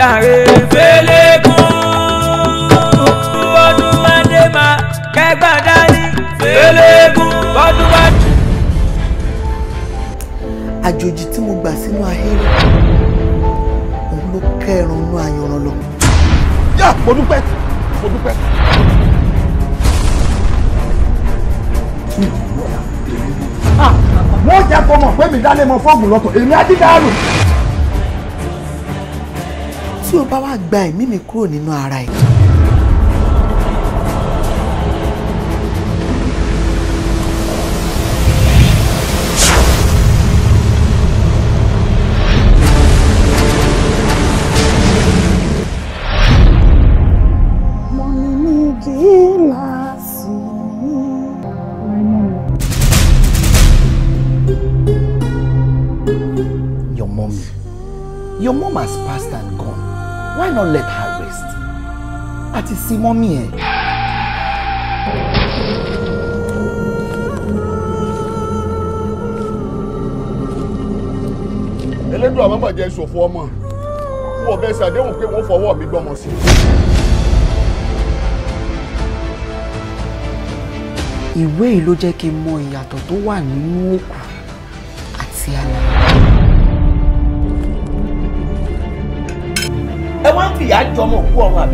jàre. fẹlẹ́kùn bọ́dún máa dé máa kẹgbà dání. fẹlẹ́kùn bọ́dún máa. àjòjì tí mo gbà sínú ahéré òun ló kẹrùn inú ayanran lọ. yá mo dúpẹ́ mo dúpẹ́. Hmm. Ah, wọ́n jẹ́ kó pé mi dálé mọ fọ́ọ̀mù lọ́tọ̀ èmi á dídá àrùn tí o bá wá gba ẹ̀mí mi kúrò nínú ara ẹ̀. Your mom has not let her rest àti sí mọ́mí ẹ̀. elédùn àwọn bàjẹ́ ìṣòfò ọmọ wọn bẹ ṣàdéhùn pé wọ́n fọwọ́ mi gbọ́mọ sí i. ìwé yìí ló jẹ́ kí n mo. ìyàtọ̀ tó wà nínú òkú ìyá jọmọ òkú ọ̀run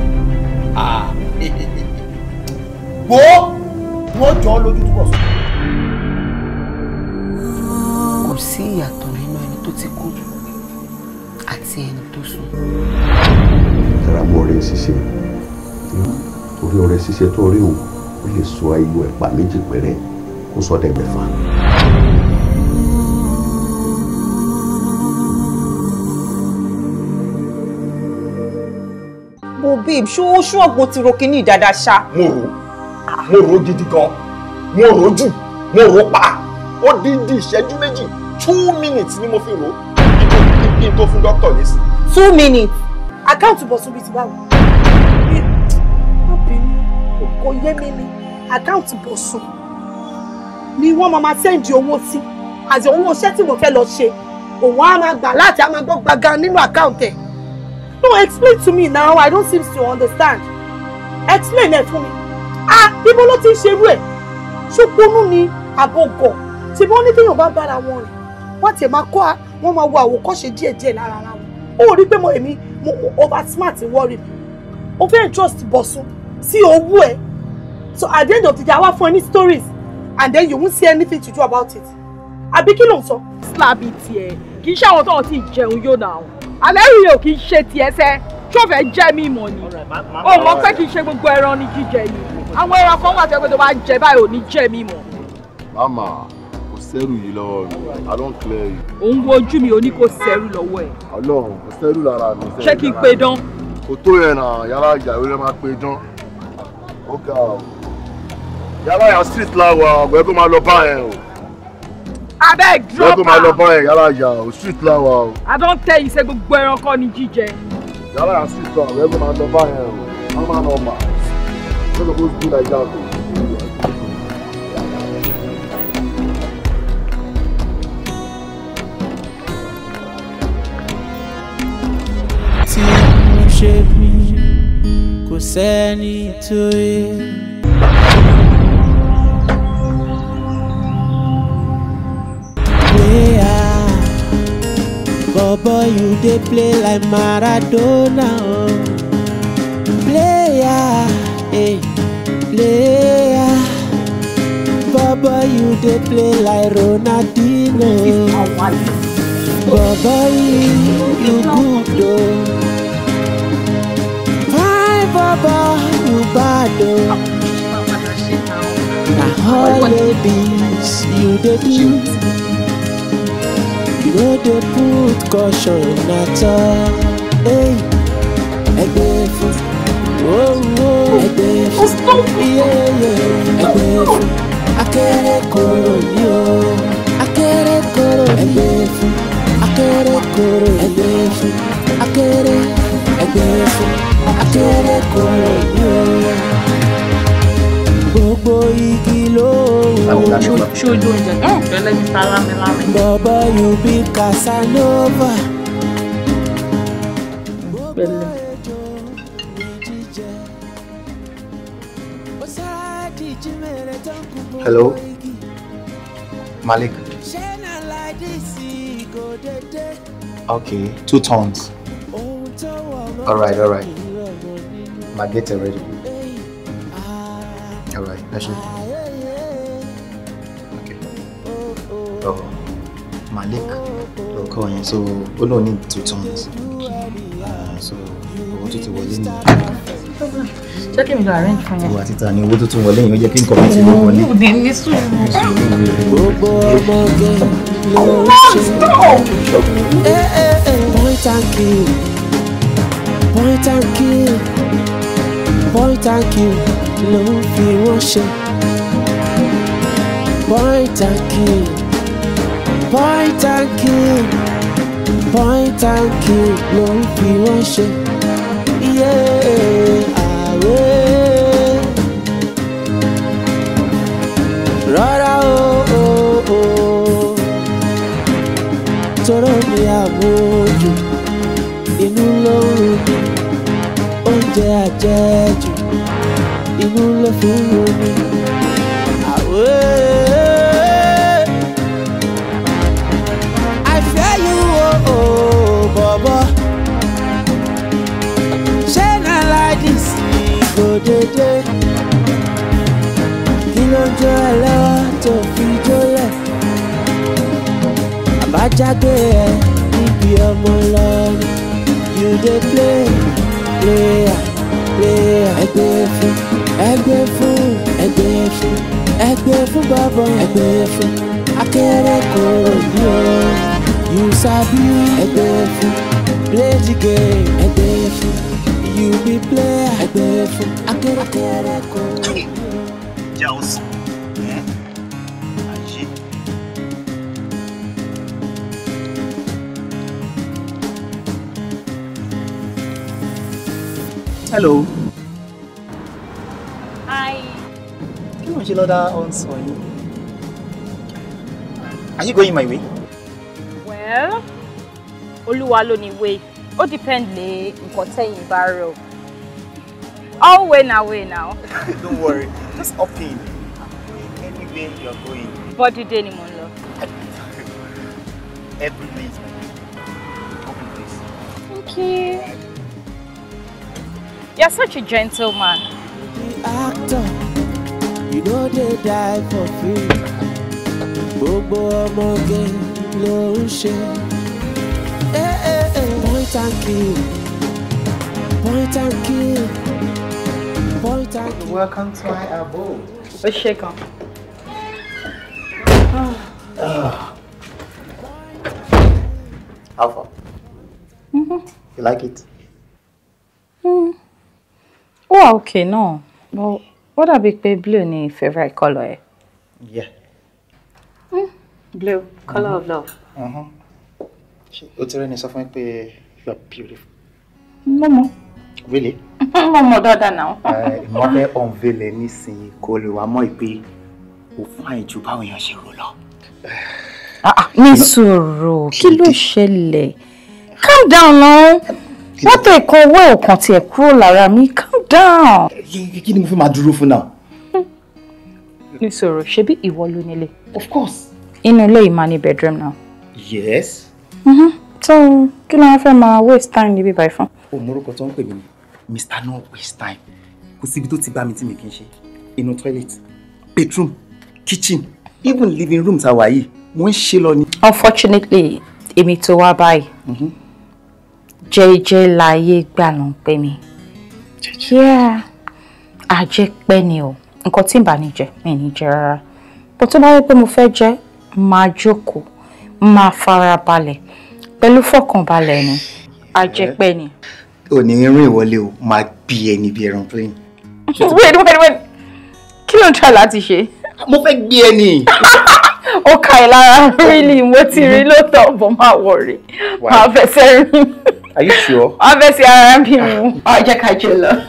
àbí wo wọn jọ ọ lójú túbọ̀ sọ. kò sí ìyàtọ̀ nínú ẹni tó ti kú àti ẹni tó sùn. tara mọ ọ̀rẹ́ ṣíṣe torí ọ̀rẹ́ ṣíṣe tó rí òun ó lè sọ ayọ̀ ẹ̀pà méjì péré kó sọ dẹgbẹ̀fà. wo babe ṣó ó ṣú ti ro kíní dáadáa ṣá. mo rò mo rò gidi gan mo rò jù mo rò pa ó dídí ìṣẹ́jú méjì two minutes ni mo fi rò kí n tó fún dókítà lésì. two minutes àkáǹtì bọ̀sùnbí ti báwo kò yé mi ni àkáǹtì bọ̀sùn ni wọ́n máa máa sẹ́ǹdì owó sí àti owó iṣẹ́ tí mo fẹ́ lọ ṣe òun á máa gbà láti á máa gbọ́ gbagan nínú àkáǹtì ẹ̀. No, explain to me now. I don't seem to understand. Explain it for me. Ah, people not in ń ṣerú ẹ̀. Ṣoponu ni àbọ̀gọ̀. Tí wọ́n ní téèyàn bá bára wọn rìn. Wọ́n tiẹ̀ máa kọ́ wọ́n máa wo àwòkọ́ṣe díẹ̀díẹ̀ lára ara wọn. Ó rí pé mo èmi mo over smart worry mi. O fẹ́ trust bọ̀sùn sí owó ẹ̀. So at the end of the day, I want funny stories and then you won't see anything to do about it. Àbí kí ló ń sọ? Slab it here. Kì í ṣe àwọn tó ti jẹun yóò náà àlẹ́rù yìí ò kì í ṣe ti ẹsẹ̀ ṣọ́fẹ̀ jẹ́ mi mọ̀ ni ó mọ̀ pé kì í ṣe gbogbo ẹran ni jíjẹ yìí àwọn ẹran kan wà tó yẹ pé tó bá jẹ báyìí ò ní jẹ́ mi mọ̀. mama kò sẹ́rù yìí lọ́wọ́ mi i don't clear you. òun wo ojú mi ò ní kò sẹ́rù lọ́wọ́ ẹ̀. ọlọ́run kò sẹ́rù lára mi. ṣé kí n pe dán. kò tó yẹn náà yàrá ìyàwó rẹ máa pe dán. ó ga ọ yàrá yà street láwa ọgbẹ́ kó máa lọ bá yẹn o abeg drop am. lọ́kùn máa lọ bá ẹ̀ yàrá i don't tell you say gbogbo ẹranko ni jíjẹ. yàrá yà street láwa lọ́kùn máa lọ bá ẹ̀ o I'm a normal. mà ó lọ́kùn ó dùn nàìjíríà kò. tí mo ṣe mí kò but you dey play like maradona oh, player eh player but you dey play like ronaldinho but boy you good oh. fine baba you bad oh. holidays you dey do no dey put caution at all. Hey, ẹgbẹ́ fún oh, oh. ẹgbẹ́ fún ẹgbẹ́ fún akẹ́rẹ́kọ̀rọ̀ mi o akẹ́rẹ́kọ̀rọ̀ ẹgbẹ́ fún akẹ́rẹ́kọ̀rọ̀ ẹgbẹ́ fún akẹ́rẹ́ ẹgbẹ́ fún akẹ́rẹ́kọ̀rọ̀ mi o gbogbo igi ló wù. ṣé ojú oúnjẹ náà fẹ́lẹ́ ní sálámi yóò bí Casanova. hello Malik. okay two tons. all right all right my gate ready ẹ ṣe. ok oh, Malik lọkọ oh, so we oh, don't need two tons uh, so owó tó ti wọlé nìyẹn. jẹ́ kí mi lọ arrange fún yẹn. ìwà títa ni owó tó tún wọlé yẹn ó jẹ́ kí n kọ̀wé tí wọ́n wọlé. òde ní sùúrù. gbogbo ọmọge ló ń ló ń fi wọ́n ṣe. point and kill point and kill point and kill ló ń fi wọ́n ṣe. àwẹ̀ rárá o o o tọrọ mi àwòjù inú ló ń rú oúnjẹ àjẹjù. hula for me love é a aquele coro You sabi é befo, play the game é befo You be play é befo, aquele aquele coro Tchau Hello. ṣe lọ́dá ọ̀nsán yìí. Are you going my way? Well, Olúwa ló ní way. Ó depend lé nǹkan tẹ́yìn bá rò. All way na way now. Don't worry, just up in. Anywhere you are going. Bọ́dí dé ni mo ń lọ. Every day my day. Open place. Thank you. You are such a gentle man no dey die for free gbogbo ọmọge ló ń ṣe. Eh, eh, eh. point and kill point and kill point and kill. welcome to my abode. ó ṣe kan. how ah. far. mm mm-hmm. you like it. Mm. Oh, okay. No, but. What dàbí pé blue ni favorite color? ẹ. yeah. Mm, blue color mm -hmm. of mm-hmm. love. Uh-huh. o ti rẹ́ni sọ fún mi pé you are beautiful. mo mọ. really. mo mọ dáadáa náà. ìmọ̀ fẹ́ unveil ẹ nísìnyí kó lè wá mọ́ ìpè ó fáyìn ju báwọn èèyàn ṣe rò ah, ah ní sọ̀rọ̀ kí ló ṣẹlẹ̀ calm down now What tẹ̀ kọ́ owó ọ̀kan tiẹ̀ kúrò lára mi calm down. kí ni mo fẹ́ máa dúró fún náà. ní sọ̀rọ̀ ṣebí ìwọ ló nílé. of course. inú ilé yìí máa ní bedroom náà. yes. Mm-hmm. so kí ló ń fẹ́ máa waste time níbí báyìí fún. o morúkọ tó ń pè mí mr no waste time kò síbi tó ti bá mi tí mi kì í ṣe inú toilet bedroom kitchen even living room tá a wà yìí wọ́n ń ṣe lọ ni. unfortunately èmi tó wá báyìí mm-hmm. jẹ́ẹ́jẹ́ láyé gbà ló ń pè mí yeah àjẹpẹ́ ni o nǹkan tí n bá ní jẹ mi ní jẹ rárá bó tó bá yẹ pé mo fẹ́ jẹ máa jókòó máa fara balẹ̀ pẹ̀lú fọkànbalẹ̀ ni àjẹpẹ́ ni. ò ní rìn ìwọlé o máa bí ẹni bí ẹran plane. wait wait wait kí ló ń try láti ṣe. mo fẹ́ gbé ẹni. ó ka ẹ̀ lára rí ni mo ti rí mhm. lóòótọ́ bọ́ máa wọ̀ rí máa fẹsẹ̀ rìn. Are you sure? Obviously, I am him. Oh, yeah, Kajula.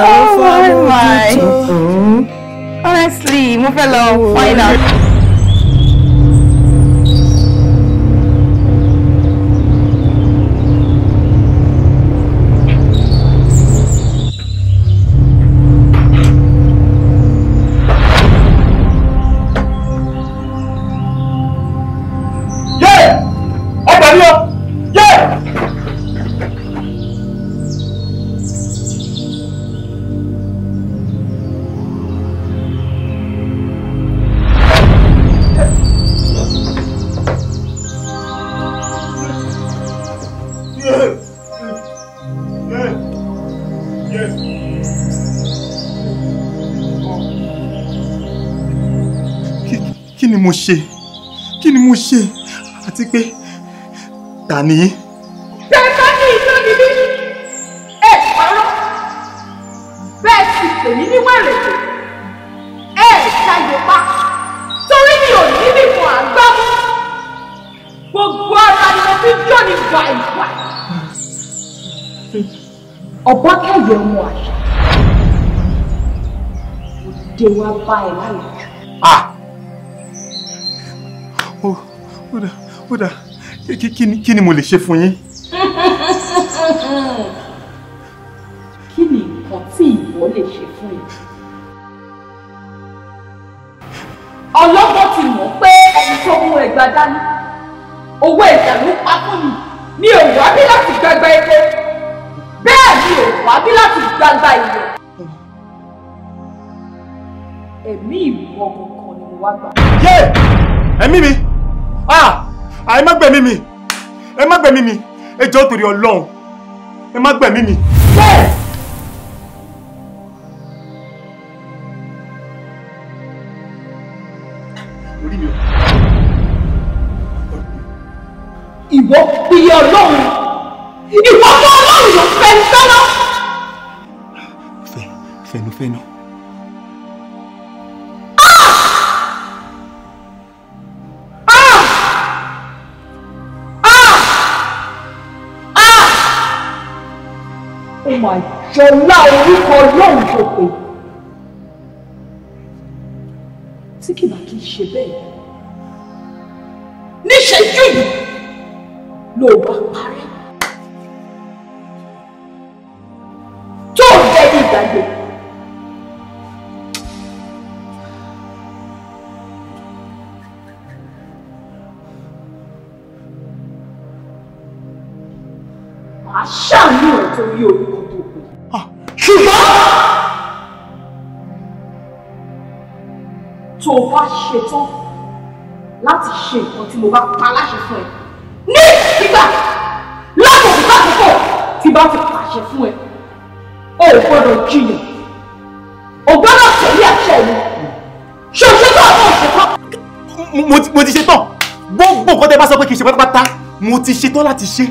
Oh my. Honestly, move along. lọ find out. ṣe kí ni mo ṣe àti pé ta ni. bẹ́ẹ̀ bá ní ìjọ níbí ẹ ọ̀rọ̀ bẹ́ẹ̀ sì pè mí ní wẹ̀rẹ̀kẹ̀ ẹ ṣàyè pa torí mi ò ní bí mo àgbá mú gbogbo ara ni mo fi jọ ní gbàìgbà. ọ̀bọ kẹyọ ọmọ àṣà òde wa bá ẹ láyé. ah ó dà ó dà kí ni mo lè ṣe fún yín. kí ni nǹkan tí ìwọ lè ṣe fún yín. ọlọ́gbọ́n ti mọ̀ pé ẹni tó mú ẹgbàá dání owó ẹ̀jẹ̀ ló pa fún mi mi ò wá bí láti gbàgbà epo bẹ́ẹ̀ mi ò wá bí láti gbàgbà ilẹ̀. ẹ̀mí ìwọ kankan ni mo wá gbà. ẹ̀mí mi. Ah! ah, ẹ má gbẹ̀mí mi ẹ má gbẹ̀mí mi ẹ jọ̀ọ́ torí Ọlọ́run ẹ má gbẹ̀mí mi. bẹ́ẹ̀. ìwọ pínyẹ ọlọ́run ìwọ fún ọlọ́run yóò fẹnu fẹnu. fẹnufẹnu. máa jọlá orúkọ Ọlọ́run tó pé tí kìbà kì í ṣe bẹ́ẹ̀ níṣẹ́jú yìí ló bá parí tó jẹ́ ìgbàgbé. àṣà mi ò torí orúkọ. tó o bá ṣetán láti ṣe nǹkan tí mo bá pa láṣẹ fún ẹ ní ìgbà lọ́nà òkúta àkókò tí bá ti pàṣẹ fún ẹ o ò gbọ́dọ̀ jiyàn o gbọ́dọ̀ tẹ̀lé àṣẹ mi ṣe o ṣe tó àwọn òṣèkọ́. mo ti ṣetán gbogbo nǹkan tẹ bá sọ pé kì í ṣe pátápátá mo ti ṣetán láti ṣe.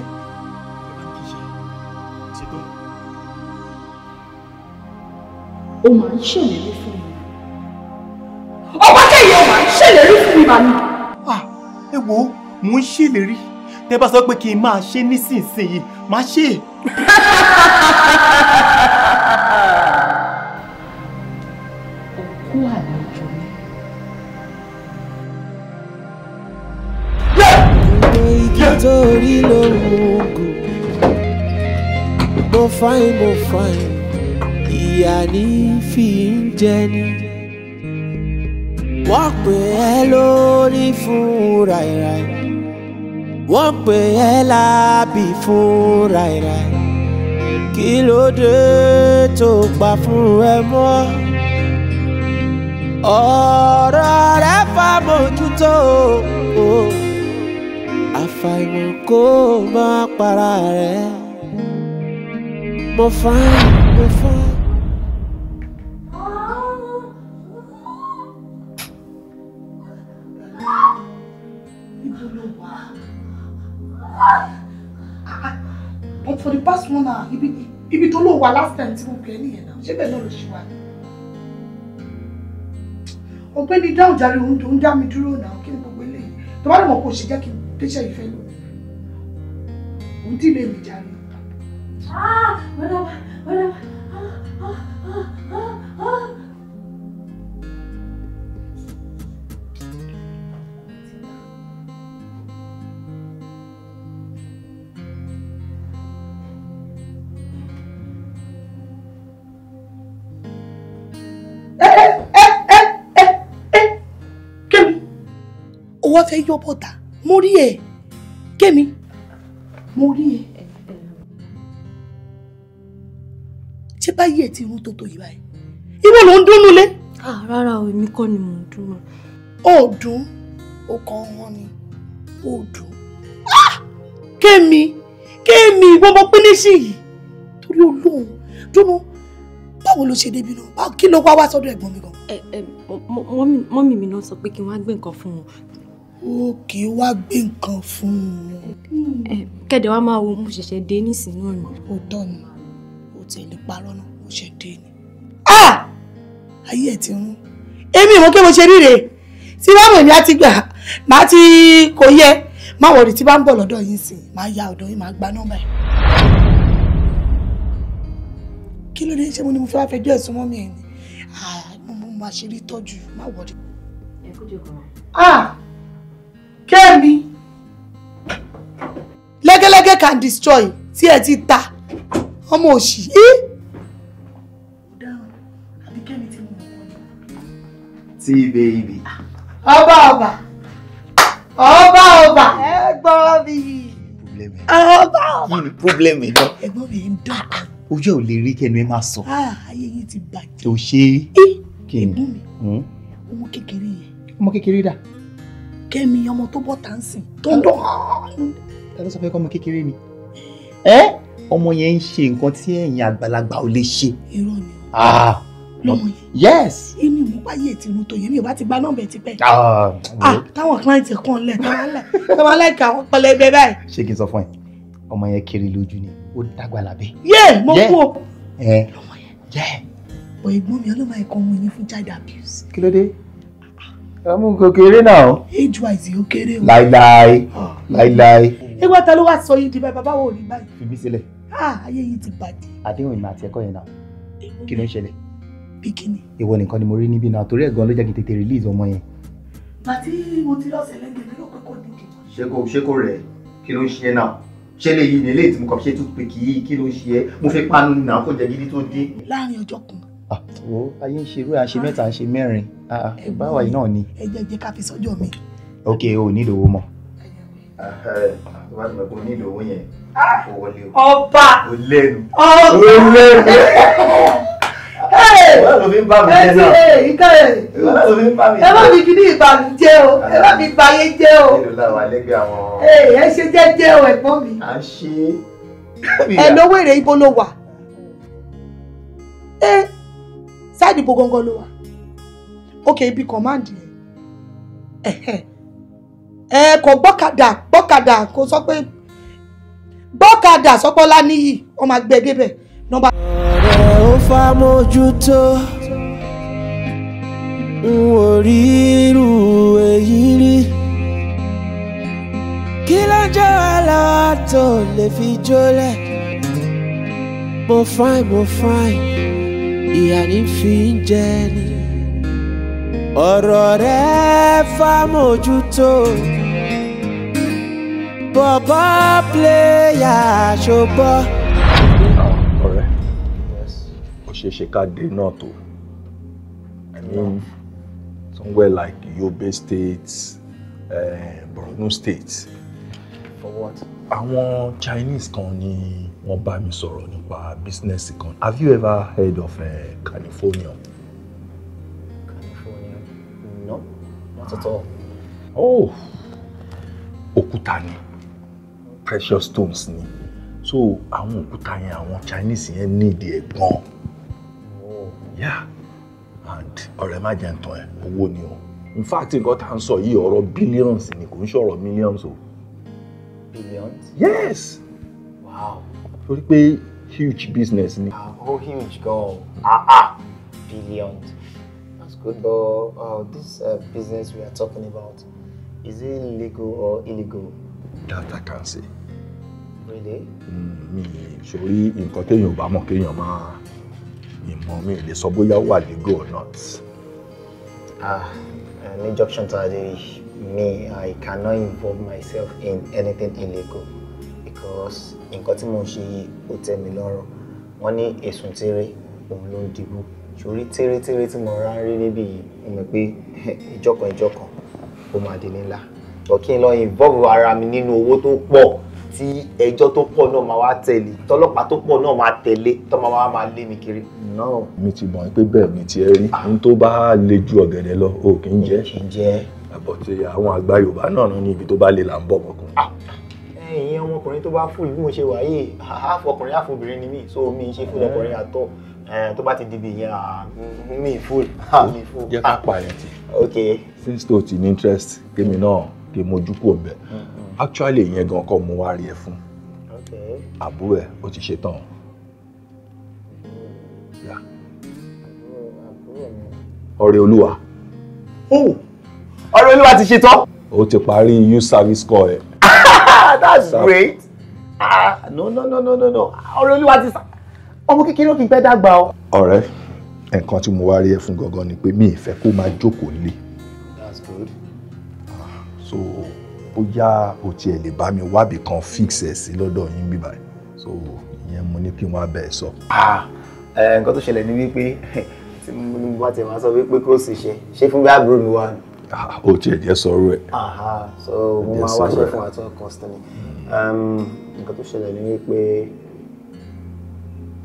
ó máa ń ṣèlérí fún mi ṣèlérí fún mi màmí. Ah, ẹ wo mò ń ṣèlérí tẹ bá sọ pé kí n máa ṣe nísinsìnyí máa ṣe. òkú àlejò ni. igi tó rí lóhùn ogun mo fáyín mo fáyín ìyá ní fi ń jẹ ni wọ́n pè ẹ́ lórí fún ràìràì wọ́n pè ẹ́ lábì fún ràìràì kí ló dé tó gbà fún ẹ mọ́ ọ̀rọ̀ rẹ fà mójútó o àfàìmọ̀ kó má para rẹ mo fà mo fà. But for the past one hour, ibi ibi tó lò wá last time tí mo pè é nìyẹn náà. Ṣé bẹ́ẹ̀ náà ló ṣe wá ni? Ọ̀gbẹ́ni dáhùn járe òun tó ń dá mi dúró náà kí ni gbogbo eléyìí. Tó bá lè mọ̀ kó o ṣe jẹ́ kí n pèsè ìfẹ́ lò. Ah! Wọ́n lọ ah! ah! ah! ah! ah, ah. wá fẹ́ yọ bọ́ta mo rí ẹ kémi mo rí ẹ ṣé báyìí ẹ ti rún tó tó yìí báyìí ìwọ ló ń dúnnú lé. rárá o èmi kọ́ ni mò ń dúnnú. ó dùn ó kàn wọ́n ni ó dùn. kémi kémi ìwọ ọmọ pínísì yìí torí olóhùn dúnnú báwo ló ṣe débi náà báwo kí ló wá wá sọ́dọ̀ ẹ̀gbọ́n mi gan. mọ́mì mi náà sọ pé kí n wá gbé nǹkan fún wọn ó kì í wá gbé nǹkan fún un. kẹ́dẹ̀ wá máa wo mo ṣẹ̀ṣẹ̀ dé nísìnyí náà ni. ó tọ́ ni ó tẹ̀lé parọ́ náà mo ṣẹ̀ dé ni. ayé ẹ̀ ti rún èmi ìwọ́n pé mo ṣe ríre tí bá mọ̀ ní àti gbà má ti kò yẹ má wọ̀rì tí bá ń bọ̀ lọ́dọ̀ yìí sìn má ya ọ̀dọ̀ yìí má gba nọ́mbà ẹ̀. kí ló dé ṣé mo ní mo fẹ́ fẹjọ́ ẹ̀sùn mọ́ mi ẹ̀ ni mo máa ṣe rí tọ́jú má wọ̀rì. ẹ kó jẹ kọ́. Kẹ́mi lẹ́gẹ́lẹ́gẹ́ can destroy tí ẹ ti ta ọmọ òṣì yìí. tí bèbí. ọba ọba ọba ọba ẹ gbọ́ mi. ọba ọba kí ni pọ́blẹ́mì náà. ẹ̀gbọ́n mi ń dán. Ah, ah. ojú ò lè rí kẹnu ẹ máa sọ. Ah, ayé yìí ti bàjẹ́. ò ṣe é. ẹ̀gbọ́n mi hmm? ọmọ kékeré yẹn. ọmọ kékeré dà kẹ́mi ọmọ tó bọ́ táǹsì tó ń dán. ta ló sọ pé kọ́ ọmọ kékeré ni ọmọ yẹn ń ṣe nǹkan tí ẹ̀yin àgbàlagbà ò lè ṣe. irọ́ ni ah, lọmọ yẹn. yes. èmi mú báyé ìtìlú tó yẹn mi ò bá ti gba nọ́mbà ti pẹ́. ah, ah táwọn client kan lẹ̀ táwọn aláìka wọn pẹlẹ ẹgbẹ́ báyìí. ṣé kí n sọ fún ẹ ọmọ yẹn kiri lójú ni ó dàgbà lábẹ́. yé mo kú o. ẹ lọmọ yẹn. bọ̀ ẹ̀gbọ́n mi ọlọ́mọ ẹ̀kọ́ ọmọ yẹn fún child abuse. kí ló dé ọmú nǹkan kéré náà. age wise ó kéré o. láíláí láíláí. ìwọ ta ló wá sọ yìí di bẹ́ẹ̀ bàbá wo rí báyìí. fi mí sílẹ̀. ayé yìí ti bàjẹ́. àdéhùn ìmọ̀ àti ẹ̀kọ́ yẹn náà kí ló ń ṣẹlẹ̀. bikini. ìwọ nìkan ni mo rí níbí náà torí ẹ̀ gan ló jẹ́ kí tètè release ọmọ yẹn. màtí mo ti lọ́sẹ̀ lẹ́gbẹ̀ẹ́ mi lọ́pẹ́ kò dídì. ṣé kò ṣé kò rẹ̀ kí ló ń ṣe náà ṣé lè yí ni eléyìí tí mo kàn ṣe tún pé kì àtò ah, ayé ń ṣerú àṣe mẹ́ta àṣe mẹ́rin ah, ah, báwa yìí náà ni. ẹ jẹ́ jẹ́ ká fi sọ́jọ́ mi. ok o ní ìdòwò mọ́. Eh, ọba ọba ẹ má mi fi ní ìbànú jẹ́ o ẹ má mi báyé jẹ́ o ẹ ṣe jẹ́jẹ́ o ẹ̀gbọ́n mi ẹ lówó èrè ibo ló wà. Eh, sáìdì bo gangan ló wà òkè ibi kọ̀máǹdì yẹn ẹ kò gbọ́kadà gbọ́kadà kò sọ pé gbọ́kadà sọpọ́lá níyì wọ́n máa e débẹ̀ ọ̀rẹ́ ó fá mójútó n ò rí irú èyí rí kí ló jẹ́ wàhálà tó lè fi jólẹ̀ mo fine mo fine ìyá ní fi ń jẹ ni ọ̀rọ̀ rẹ fámójútó bọ̀bọ̀ pléyà ṣọ́bọ̀. ọ̀rẹ́ ó ṣeé ṣe ká dé náà tó I mean somewhere like Yobe State, uh, Borno State. for what? àwọn Chinese kan ni. Ni wọ́n bá mi sọ̀rọ̀ nípa bísínẹ́sì kan have you ever heard of uh, eh, Californium? No, not at all. oh òkúta ni precious stones ni so àwọn òkúta yẹn àwọn Chinese yẹn need ẹ̀ gan. Oh. yeah and ọ̀rẹ́ má jẹ́ ntọ́ ẹ̀ owó ni o in fact nǹkan tá à ń sọ yìí ọ̀rọ̀ billions ni kò ń ṣọ̀rọ̀ millions o. billions. yes. wow torí pé huge business ni. Ah, oh huge gan ah ah billions that's good but uh, this uh, business we are talking about is it legal or illegal. that I can say. really. Hmm, mi sori nǹkan kéèyàn ò bá mọ̀ kéèyàn máa ìmọ̀ mi lè sọ bóyá wà legal or not. ah uh, ní junction tó a I cannot involve myself in anything illegal because nǹkan tí mo ń ṣe yìí ó tẹ́ mi lọ́rùn wọ́n ní èsùn tẹ́rẹ́ òun ló ń dìbò sórí tẹ́rẹ́tẹ́rẹ́ tí mo rán rí níbí yìí mo mọ̀ pé ìjọkan ìjọkan ó máa di nílá but kí n lọ involve ara mi nínú owó tó pọ̀ tí ẹjọ́ tó pọ̀ náà máa wá tẹ̀lé tọlọ́pàá tó pọ̀ náà máa tẹ̀lé tọ́mọ wa máa lé mi kiri. náà mi ti mọ̀ pé bẹ́ẹ̀ ni tiẹ̀ rí ah. ohun tó bá le ju ọ̀gẹ̀dẹ̀ lọ o kì í jẹ́ àbọ̀tẹ̀ àwọn àgbà Yorùbá náà ní ibi tó bá le là ń bọ̀ mọ́kàn. Ah ìyẹn ọmọkùnrin tó bá fún ìlú ṣe wà yìí ọkùnrin half ni mí so mi ṣe fún ọkùnrin àtọ eh, tó bá ti di bìyẹn mi full mi full. jẹ́ ká pa àyàn tí since tó ti ní interest kémi náà kí mojú kò bẹ̀ mm, mm. actually ìyẹn gan kọ́ mo wá rí ẹ fún àbúrò ẹ ó ti ṣe tán. ọ̀rẹ́ olúwa. Oh! ọ̀rẹ́ olúwa ti ṣe tán. ó ti parí youth service corps ẹ̀ that's great ah no no no no no no ọ̀rẹ́ olúwa ti sá ọmọ kékeré kì í pẹ́ dàgbà o. ọ̀rẹ́ nǹkan tí mo wá rí ẹ fún gangan ni pé mi ì fẹ́ kó máa jókòó lé that's good ah, so bóyá o tiẹ̀ lè bá mi wábì kan fix ẹ̀ sí lọ́dọ̀ yín bí báyìí so ìyẹn mo ní kí n wá bẹ̀ sọ. Ah, eh, nǹkan tó ṣẹlẹ̀ ni wípé tí mo bá ti máa sọ wípé kó o sì ṣe ṣé fún bí àbúrò mi wà ni o tiẹ̀ jẹ́ sọ̀rọ̀ ẹ̀. so mo máa wáṣẹ́ fún àtọ́ constantly um, nǹkan tó ṣẹlẹ̀ ni wípé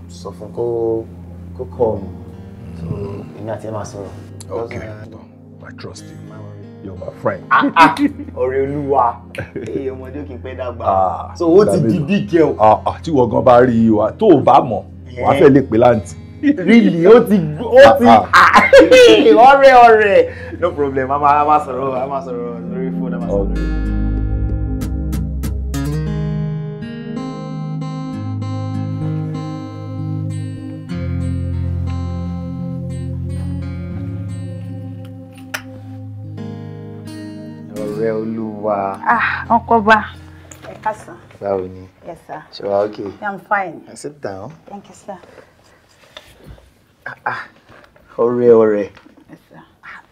sọ fún kó kó kọ́ mi so èmi àti ẹ̀ máa sọ̀rọ̀. ok I trust you you're my friend. Ah, ah, ọ̀rẹ́ olúwa èyí ọmọdé kì í pẹ́ dàgbà ah, so ó ti di big girl. tí wọ́n gan bá rí i wa tó o bá mọ̀ wàá fẹ́ lè pè láǹtì. really ó ti ó ti. ọ̀rẹ́ ọ̀rẹ́ no problem a máa sọ̀rọ̀ a máa sọ̀rọ̀ lórí fóònù a máa sọ̀rọ̀ lórí fóònù. ọ̀rẹ́ olúwa. ah ọkọba. ẹ káàsán. báwo ni. yes sir. ṣe wa ok. i'm fine. i sit down. thank you sir. ah ah ọ̀rẹ́ ọ̀rẹ́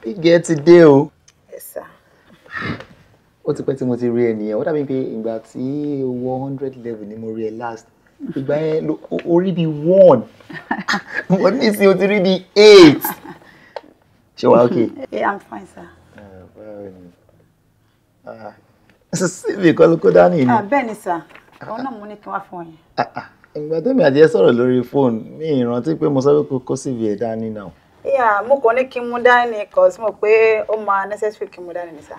bígẹ ti dé o ó ti pẹ́ tí mo ti rí ẹnìyẹn ó dàbí pé ìgbà tí one hundred level ni mo rí ẹ last ìgbà yẹn orí bíi one mo ní sí o ti rí bíi eight ṣé wàá okay. yeah i'm fine sir. báwo ni síbi kan ló kó dání ni. Ah, bẹ́ẹ̀ ni sà ah, òun náà ah. mo ní kí wọ́n fún yín. ìgbà tẹ́mi àti ẹ sọ̀rọ̀ lórí fóònù mi ìrántí pé mo sọ pé kó síbi ẹ̀ dání náà yeah mo kàn ní kí n mú dání cos mo pé ó máa necessary kí n mú dání ni sá.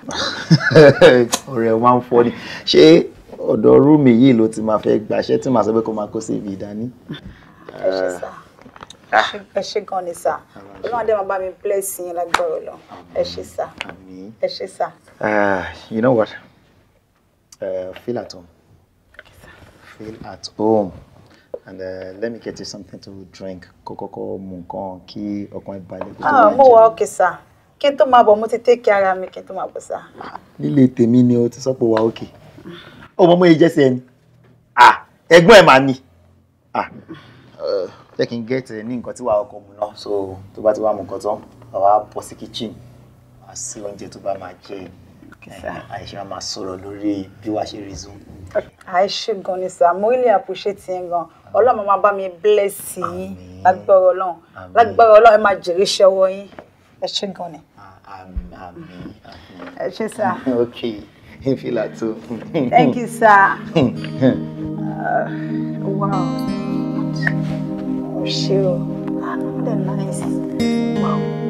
ọ̀rẹ́ o máa ń fọ́ ni ṣé ọ̀dọ̀ rúmi yìí ló ti máa fẹ́ gbàṣẹ́ tí màá sọ pé kó máa kó sí ibi ìdání. ẹ ṣe gan ni sá ọlọ́run máa bá mi bless yín lágbára lọ ẹ ṣe sá ẹ ṣe sá. Ah, you know what uh, feel at home feel at home and uh, let me get you something to drink kó kọ́kọ́ mu nǹkan kí ọkàn ẹ balẹ̀ kó ah, mo wà òkè sá kí n tó máa mo ti tẹ́kì ara mi kí n tó máa bọ̀ sá. nílé ni o ti sọ pé wà òkè ó mọ mọ iye jẹ́sí ẹni ah, ẹ̀gbọ́n ẹ̀ máa ní jẹ́ kí n get eh, ní nǹkan tí wàá ọkọ̀ mu náà so tó bá ti wá mu nǹkan tán wàá bọ̀ sí kitchen wàá sí oúnjẹ tó bá máa jẹ àìṣe máa sọ̀rọ̀ lórí bí wàá ṣe rí zoom. àìṣe gan ni sir mo really appreciate yín gan ọlọ́run máa bá mi bless yín lágbára ọlọ́run lágbára ọlọ́run ẹ máa jèrè iṣẹ́ ọwọ́ yín ẹ ṣe gan ni. ẹ ṣe sir. ok ìfìlà tó. thank you sir. uh, wow ṣe o ah no nice wow.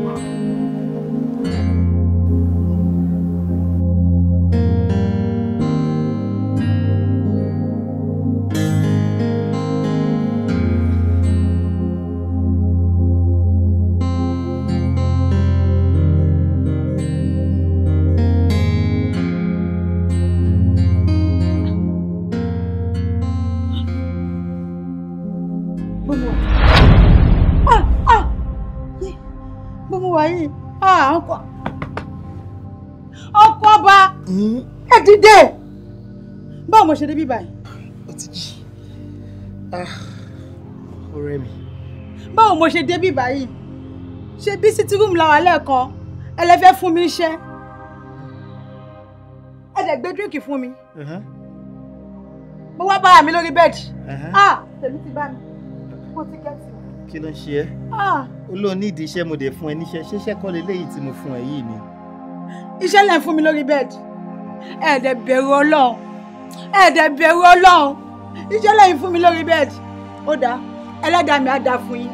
ṣe débí báyìí. ó ti jí ah, ọ̀rẹ́ mi. báwo mo ṣe débí báyìí ṣe bí sítí rúùmù làwọn lẹ́ẹ̀kan ẹlẹ́fẹ́ fún mi iṣẹ́ ẹ dẹ̀ gbé dírìkì fún mi uh-huh. mo wá bára mi lórí bẹ́ẹ̀dì uh-huh. ah, tèmi ti bá mi kó ti gẹ̀ẹ́sì. kí ló ń ṣe ẹ́ olóòní ah. ìdí iṣẹ́ mo dé fún ẹ níṣẹ́ ṣẹ́ṣẹ́ kọ́ leléyìí tí mo fún ẹ yìí ni. iṣẹ́ lẹ́ ń fún mi lórí bẹ́ẹ̀dì ẹ dẹ̀ bẹ̀rù ọlọ́run ẹ̀ẹ́dẹ̀ bẹ̀rù ọlọ́run iṣẹ́ lẹ́yìn fún mi lórí bẹ́ẹ̀dì ó dáa ẹlẹ́dàá mi á dáa fún yín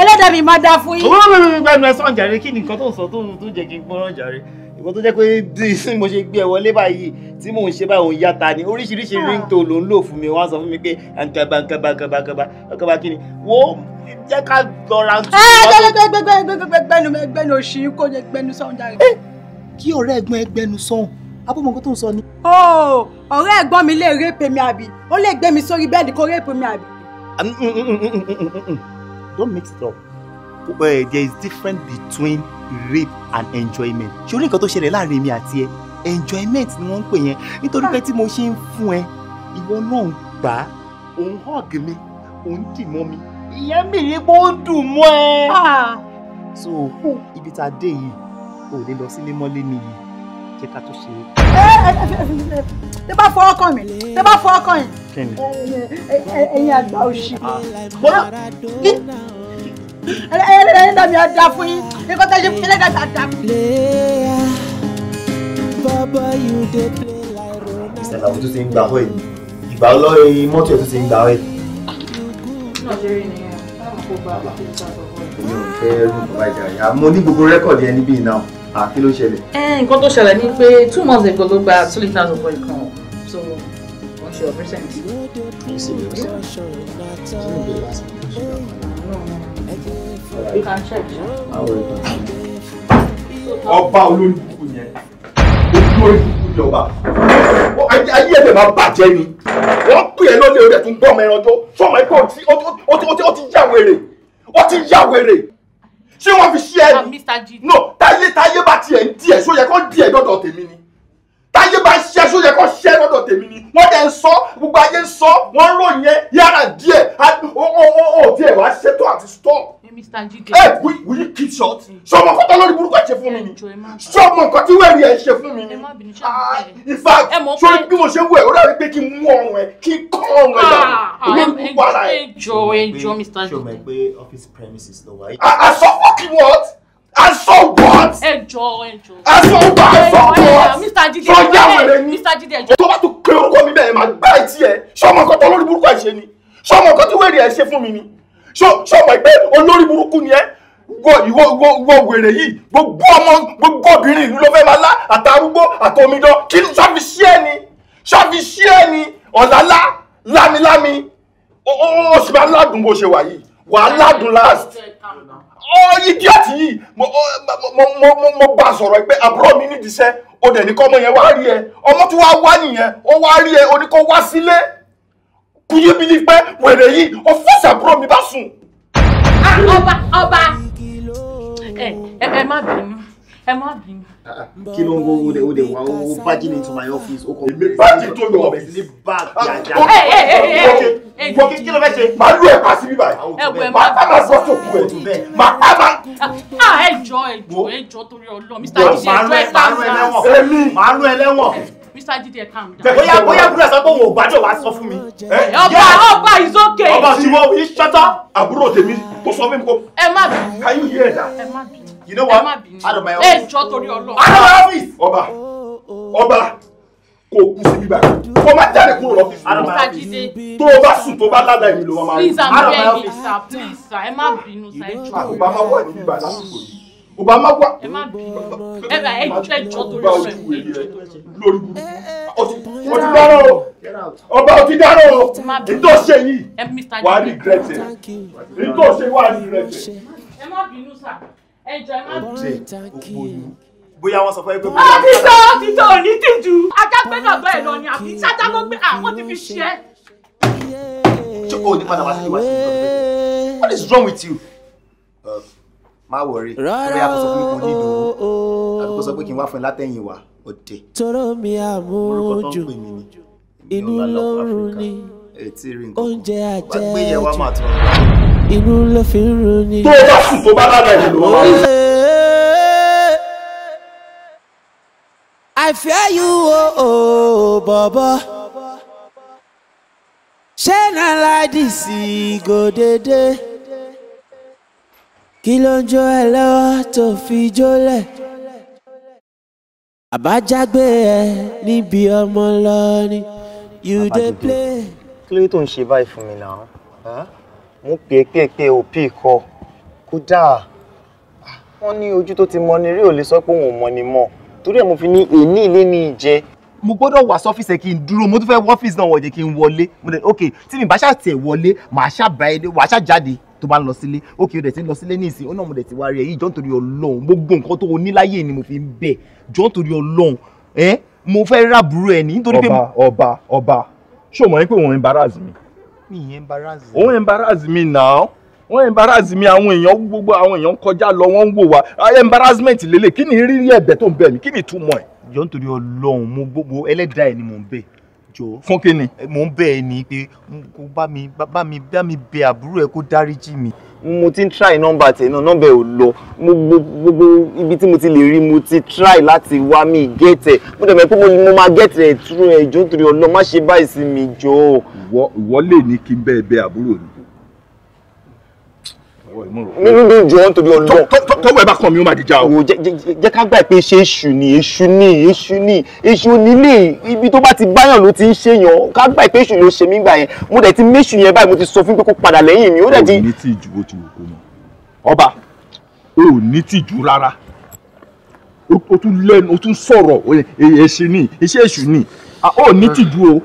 ẹlẹ́dàá mi má dáa fún yín. owó mi mi gbẹnu ẹsán jàre kí ni nǹkan tó ń sọ tó jẹ kí n gbọ́ràn jàre ìwọ tó jẹ́ pé bí mo ṣe gbé ẹ wọlé báyìí tí mò ń ṣe báyìí òun yàtà ni oríṣiríṣi ríńtò ló ń lò fún mi wọ́n á sọ fún mi pé àǹkàbà àǹkàbà àǹkàbà àǹkàbà àǹkàbà kí ni wo jẹ́ ká lọ́ra. ẹ gbẹgbẹgbẹgbẹgbẹgbẹgbẹnu ẹgbẹnu òṣì kò jẹ gbẹnu sọhún jáde. kí ọ̀rẹ́ ẹ̀gbọ́n ẹgbẹnu sọhún abọ́mọ̀gó tó ń sọ ni. ó oh, ọ̀rẹ́ ẹ̀gbọ́n mi lè répe mi àbí ó lè gbé mi sórí bẹ́ẹ̀dì kó répe mi àbí. Mm, mm, mm, don't mix it up Well, there is difference between rape and enjoyment ṣé orí nǹkan tó ṣẹlẹ̀ láàrin mi àti ẹ enjoyment ni wọ́n ń pè yẹn nítorí pé ah. tí mo ṣe ń fún ẹ ìwọ náà ń gbà á òun hug mi òun dì mọ́ mi ìyẹn mi rí bó ń dùn mọ́ ẹ. Ah. so ibi tá a dé yìí ò lè lọ sílé mọ́lé nìyí jẹ́ ká tó sinmi. tẹ bá fọwọ́ kàn mí tẹ bá fọwọ́ kàn yín. kí ni. ẹ̀yin àgbà òṣì. ẹlẹ́dàá mi á da fún yín nígbà tó ṣe fún ẹlẹ́dàá mi á da fún yín. ìṣẹ̀lẹ̀ àwọn tó ti ń gbà wẹ̀ ìgbà ọlọ́rin mọ́tò ẹ̀ tó ti ń gbà wẹ̀. mi ò fẹ́ rú bàbá ìjà yà mo ní gbogbo rẹ́kọ̀dì ẹni bíi náà kí ló ṣẹlẹ̀. nǹkan tó ṣẹlẹ̀ ni pé two months ago ló gba two litres of oil kan so wọ́n ṣe operation ti. ọba olórí kúkú yẹn olórí kúkú jọba ayé ẹ̀fẹ̀ máa bàjẹ́ ni wọ́n pè é lọ́lẹ̀ rẹ̀ tó ń gbọ́ ọmọ ẹranjọ́ fọmọ ẹgbẹ́ ó ti yá wèrè ó ti yá wèrè ṣé wọ́n fi ṣí ẹ ni no táyé táyé bá tiẹ̀ ń di ẹ̀ sóyẹ kó di ẹ̀ dọ́dọ̀ tèmi ni táyé bá ṣẹ́ sóyẹ kó ṣẹ́ dọ́dọ̀ tèmi ni wọ́n dẹ̀ ń sọ gbogbo ayé ń sọ wọ́n ń ròyìn yàrá díẹ̀ ó tiẹ̀ wá ṣètò àti stop Mr. Jide. ẹ wí wí kí short mm. ṣé ọmọ nǹkan tó lórí burúkú ẹ ṣe fún mi ni ṣé ọmọ nǹkan tí wẹ́ẹ̀rì ẹ ṣe fún mi ni ìfà ah, ṣé bí mo ṣe wẹ̀ ó dàbí pé kí n mú ọrùn ẹ kí n kọ́ ọrùn ẹ dànù ah, olórí ah, burúkú ara ẹ. ẹjọ ẹjọ Mr. Jide. ṣé o office premises ló wáyé. àṣọ fucking what aṣọ what. ẹjọ ẹjọ. aṣọ what aṣọ what. Mr. Jide ẹjọ ẹ Mr. Jide ẹjọ. tó bá tún pe orúkọ mi bẹ́ẹ̀ máa gbá ẹ̀ tí ẹ ṣé ọmọ nǹkan tó lórí burúkú ẹ ṣe ni ṣé ọmọ nǹkan tí wẹ́ẹ̀rì ẹ ṣe fún mi ni ṣọ́ọ̀mù ẹgbẹ́ olórí burúkú ni ẹ́ gbogbo wèrè yìí gbogbo ọmọ gbogbo obìnrin ìlú ló fẹ́ máa lá àtàrúgbó àtòmídán kí ni ṣọ́ọ̀fì sí ẹ ni ṣọ́ọ̀fì sí ẹ ni ọ̀làlá lámilámi ó sì máa ládùn bó ṣe wà yìí wà á ládùn last ọ idiot yìí mo bá sọ̀rọ̀ pé àbúrò mi nídìí iṣẹ́ o dẹ̀ ní kọ́ ọmọ yẹn wá rí ẹ ọmọ tí wàá wá nìyẹn ó wá rí ẹ o ní kó wá sílé kò yé mi ní pé wèrè yìí ọ̀fíìsì àbúrò mi bá sùn. Ah, ọba ọba ẹ ẹ má bínú ẹ má bínú. Ah, ah. kí ló ń wo wo de wo de wa o bájì ní my office o kò mi bájì tó mi ọbẹ ní báàgì àjà. ẹ ẹ ẹ ẹ wọ́n kí ló fẹ́ ṣe. màá lu ẹ̀pà síbí báyìí. ẹ wọ ẹ máa bá máa bọ́ sókú ẹ̀ máa bá máa. a ẹ jọ ẹ jọ ẹ Mr. dj ẹ jọ ẹ bá máa. màá lu ẹlẹ́wọ̀n. Mr. Jide calm down. bóyá bóyá búrẹ́ sọ pé òun ò gbádùn wá sọ fún mi. ọba ọba is okay. ọba ṣùgbọ́n yìí ṣọ́tà àbúrò tèmi tó sọ fún mi kó. ẹ má bínú. can you hear that? ẹ má bínú. you know what? ẹ má bínú. out of my office. ẹ jọ torí Ọlọ́run. out of my office. ọba ọba kò kú sí bíbá kó má jáde kúrò lọ́fíìsì. out of my office. tó o bá sùn tó o bá ládàá èmi ló máa máa rí. please i'm begging sir please sir ẹ má bínú sir ẹ jọ. àkùbá má wà ní bíbá lásìkò yìí ọba má wà. ẹ má bí ẹ bá ẹ jẹ jọ torí ọ̀rẹ́ lórí burúkú eh, eh, eh. o ti dáná o ọba o ti dáná o nítorí ṣe yìí wà á regret ẹ nítorí ṣe wà á regret ẹ. ẹ má bínú sà ẹ jọ ẹ má bínú bóyá wọn sọ fún ẹ pé. a ti sọ ọ ti sọ òní tìjú. ajá gbé bàbá ẹ lọ ni àbí sájà ló gbé àwọn ti fi ṣe. ṣé o ní padà wá sí ìwà sí ìwà sí. What is wrong with you? Uh, má wọrí rárá ooo àbíkó sọ pé kí n wá fún ẹ látẹ̀yìn wá òde. tóró mi àmójú inú ló ń runi oúnjẹ àjẹjù inú ló fi ń runi. tó o bá sùn tó bá lára ìlú ló máa ń. I fear you, oh, oh, Baba. Ṣé na like this go dey kí ló ń jó ẹ lọ́wọ́ tó fi jólẹ̀ àbájágbé ẹ níbi ọmọ lọ ni you dey play. kí ló tó ń ṣe báyìí fún mi náà mo pè é pé pé kọ kódà wọn ní ojú tó ti mọ ni rí ò lè sọ pé òun ò mọ ni mọ torí ẹ mo fi ní èní ilé ní ìjẹ mo gbọ́dọ̀ wá sọ́fíìsì kí n dúró mo tún fẹ́ wọ́fíìsì náà wọ̀jẹ̀ kí n wọlé mo dẹ̀ ok tí mi bá ṣàtẹ̀ wọlé màá ṣàbá ẹ wàá ṣàjáde tó bá ń lọ sílé ó kì í ó ti ń lọ sílé ní ó náà mo dẹ̀ ti wá rí ẹ yìí jọ́ nítorí ọlọ́run gbogbo nǹkan tó o ni mo fi ń bẹ̀ jọ́ ọlọ́run ẹ mo fẹ́ rábùrú ẹ ní nítorí pé. ọba ọba ọba ṣó mọ̀ yín pé òun embarrass mi. mi ì embarrass mi. embarrass mi náà wọ́n embarrass mi àwọn èèyàn gbogbo àwọn èèyàn kọjá lọ wọ́n ń wò wá ah, embarrassment lélẹ̀ kí ni rírí ẹ̀bẹ̀ tó ń bẹ̀ mí kí ni ìtumọ̀ ẹ̀. jọ́ nítorí ọlọ́run mo gbogbo ẹlẹ́dàá ẹ̀ ni mò ń bẹ̀ jọ. fún kíni. mò ń bẹ̀ ẹ́ ni pé kó bá mi bá mi bá mi bẹ àbúrò ẹ kó dáríjì mi. mo ti ń try nọ́mbà tẹ̀ náà nọ́mbà ẹ̀ ò lọ mo gbogbo ibi tí mo ti lè rí mo ti try láti wá mi gẹ́tẹ̀ mo dẹ̀ mọ̀ pé mo máa gẹ́tẹ̀ ẹ̀ tún ẹ̀ jọ́ torí ọlọ́ má ṣe báyìí sí mi jọ. ìwọ ìwọ lè ní kí n bẹ́ẹ̀ bẹ àbúrò ni nínú jọ ọ́n torí ọlọ́. tọ́wọ́ ẹ bá kàn mí ó máa dìjà o. jẹ́ ká gbà pé ṣé èṣù ni èṣù ni èṣù ni èṣù onílé ibi tó bá ti báyàn ló ti ń ṣèyàn ká gbà pé èṣù ló ṣe mí gbà yẹn mo dẹ̀ ti méṣù yẹn báyìí mo ti sọ fún pé kó padà lẹ́yìn mi ó dẹ̀ ti. o ní tí ìjú o ti wò kó mọ ọba o ní tí ìjú rárá o tún lẹ́nu o tún sọ̀rọ̀ èṣù ni iṣẹ́ èṣù ni o ní tìjú o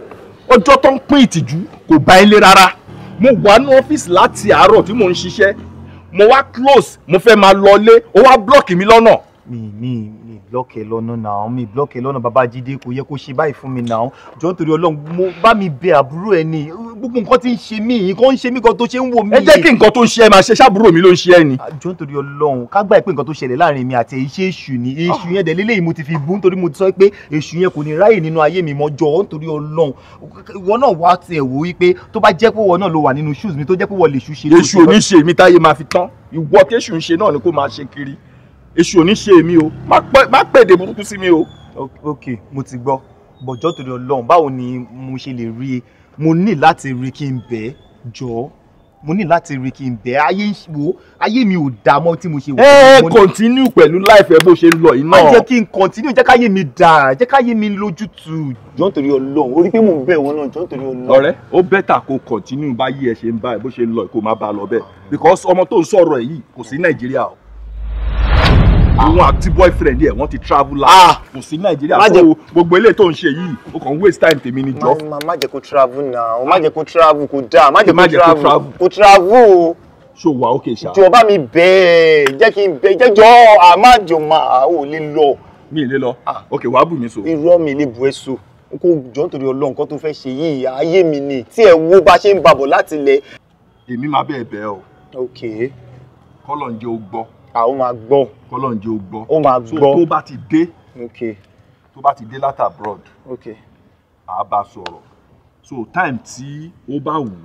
ọjọ́ tó ń pín ìtìjú kò bá ilé rárá mo wà ní ọ́fíìsì láti àárọ̀ tí mò ń ṣiṣẹ́ mo wá close mo fẹ́ máa lọlé ó wá block mi lọ́nà. mi mi mi block ẹ lọ́nà náà mi block ẹ lọ́nà Babájídé kò yẹ kó ṣe báyìí fún mi náà jọ̀ọ́ nítorí Ọlọ́run mo bá mi bẹ àbúrò ẹ ní gbogbo nǹkan tí ń ṣe mí nǹkan ń ṣe mí kan tó ṣe ń wò mí. ẹ jẹ́ kí nǹkan tó ṣe ẹ máa ṣe ṣàbúrò mi ló ń ṣe ẹ ni. àjọ ah, nítorí ọlọ́run ká gbà pé nǹkan tó ṣẹlẹ̀ láàrin mi àti iṣẹ́ èṣù ni ah. èṣù yẹn dẹ̀ lélẹ́yìí mo ti fi bú nítorí mo ti sọ pé èṣù yẹn kò ní ráyè nínú ayé mi mọ́jọ́ nítorí ọlọ́run ìwọ náà wá tiẹ̀ wò wípé tó bá jẹ́ pé wọ náà ló wà nínú shoes mi tó jẹ́ pé wọ lè ṣu ṣe. èṣù ò ní ṣe èmi táyé máa fi tán ìwọ kéṣù ń ṣe náà ni kó máa ṣe kiri èṣù ò ní ṣe èmi o má pèdè burúkú sí mi o. ok mo ti gbọ́ bọ̀jọ́ torí ọlọ́run báwo ni mo ṣe lè rí e mo ní láti rí kí n bẹ̀ jọ mo ní láti rí kí n bẹ̀ ayé wo ayé mi ò dá mọ́ tí mo ṣe wà. ẹ ẹ kọ́ntínú pẹ̀lú láìpẹ́ bó ṣe lọ iná. má jẹ́ kí n kọ́ntínú jẹ́ káyé mi dà jẹ́ káyé mi lójútùú. jọ́n torí ọlọ́run orí pé mò ń bẹ̀ wọ́n náà jọ́n torí ọlọ́run. ọ̀rẹ́ ó bẹ́tà kó kọ́ntínú báyé ẹ ṣe ń bá ẹ bó ṣe lọ kó má bá lọ bẹ́ẹ̀ because ọmọ tó ń sọ̀rọ̀ ẹ̀ yìí kò sí nàìjíríà o òun àti ah. boyfriend ẹ̀ wọ́n ti travel out ah. kò sí nàìjíríà tó gbogbo eléyìí tó ń ṣe yìí o kàn ń waste time tèmi ní jọ. má jẹ́ kó travel náà ah. má jẹ́ kó travel kò dáa má jẹ́ kó travel kò travel o so wa okay ṣá. jọba mi bẹ́ẹ̀ jẹ́ kí n bẹ jẹ́jọ́ àmàjọmọ àwọn ò lè lọ. mi ì lè lọ ok wàá bù mí so. irọ́ mi lè bu ẹ so kó jọ nítorí ọlọ́run kan tó fẹ́ ṣe yìí ayé mi ni tí ẹ wo bá ṣe ń babọ̀ láti lẹ̀. èmi máa bẹ́ẹ̀ bẹ́ẹ̀ o. ok. kọ́lọ̀ ń jẹ́ o gbọ́ àwọn máa gbọ́. kọ́lọ̀ ń jẹ́ o gbọ́. ó máa gbọ́ so tó bá ti dé. ok tó bá ti dé láti abroad. ok àá bá sọ̀rọ̀ so time tí ó bá wù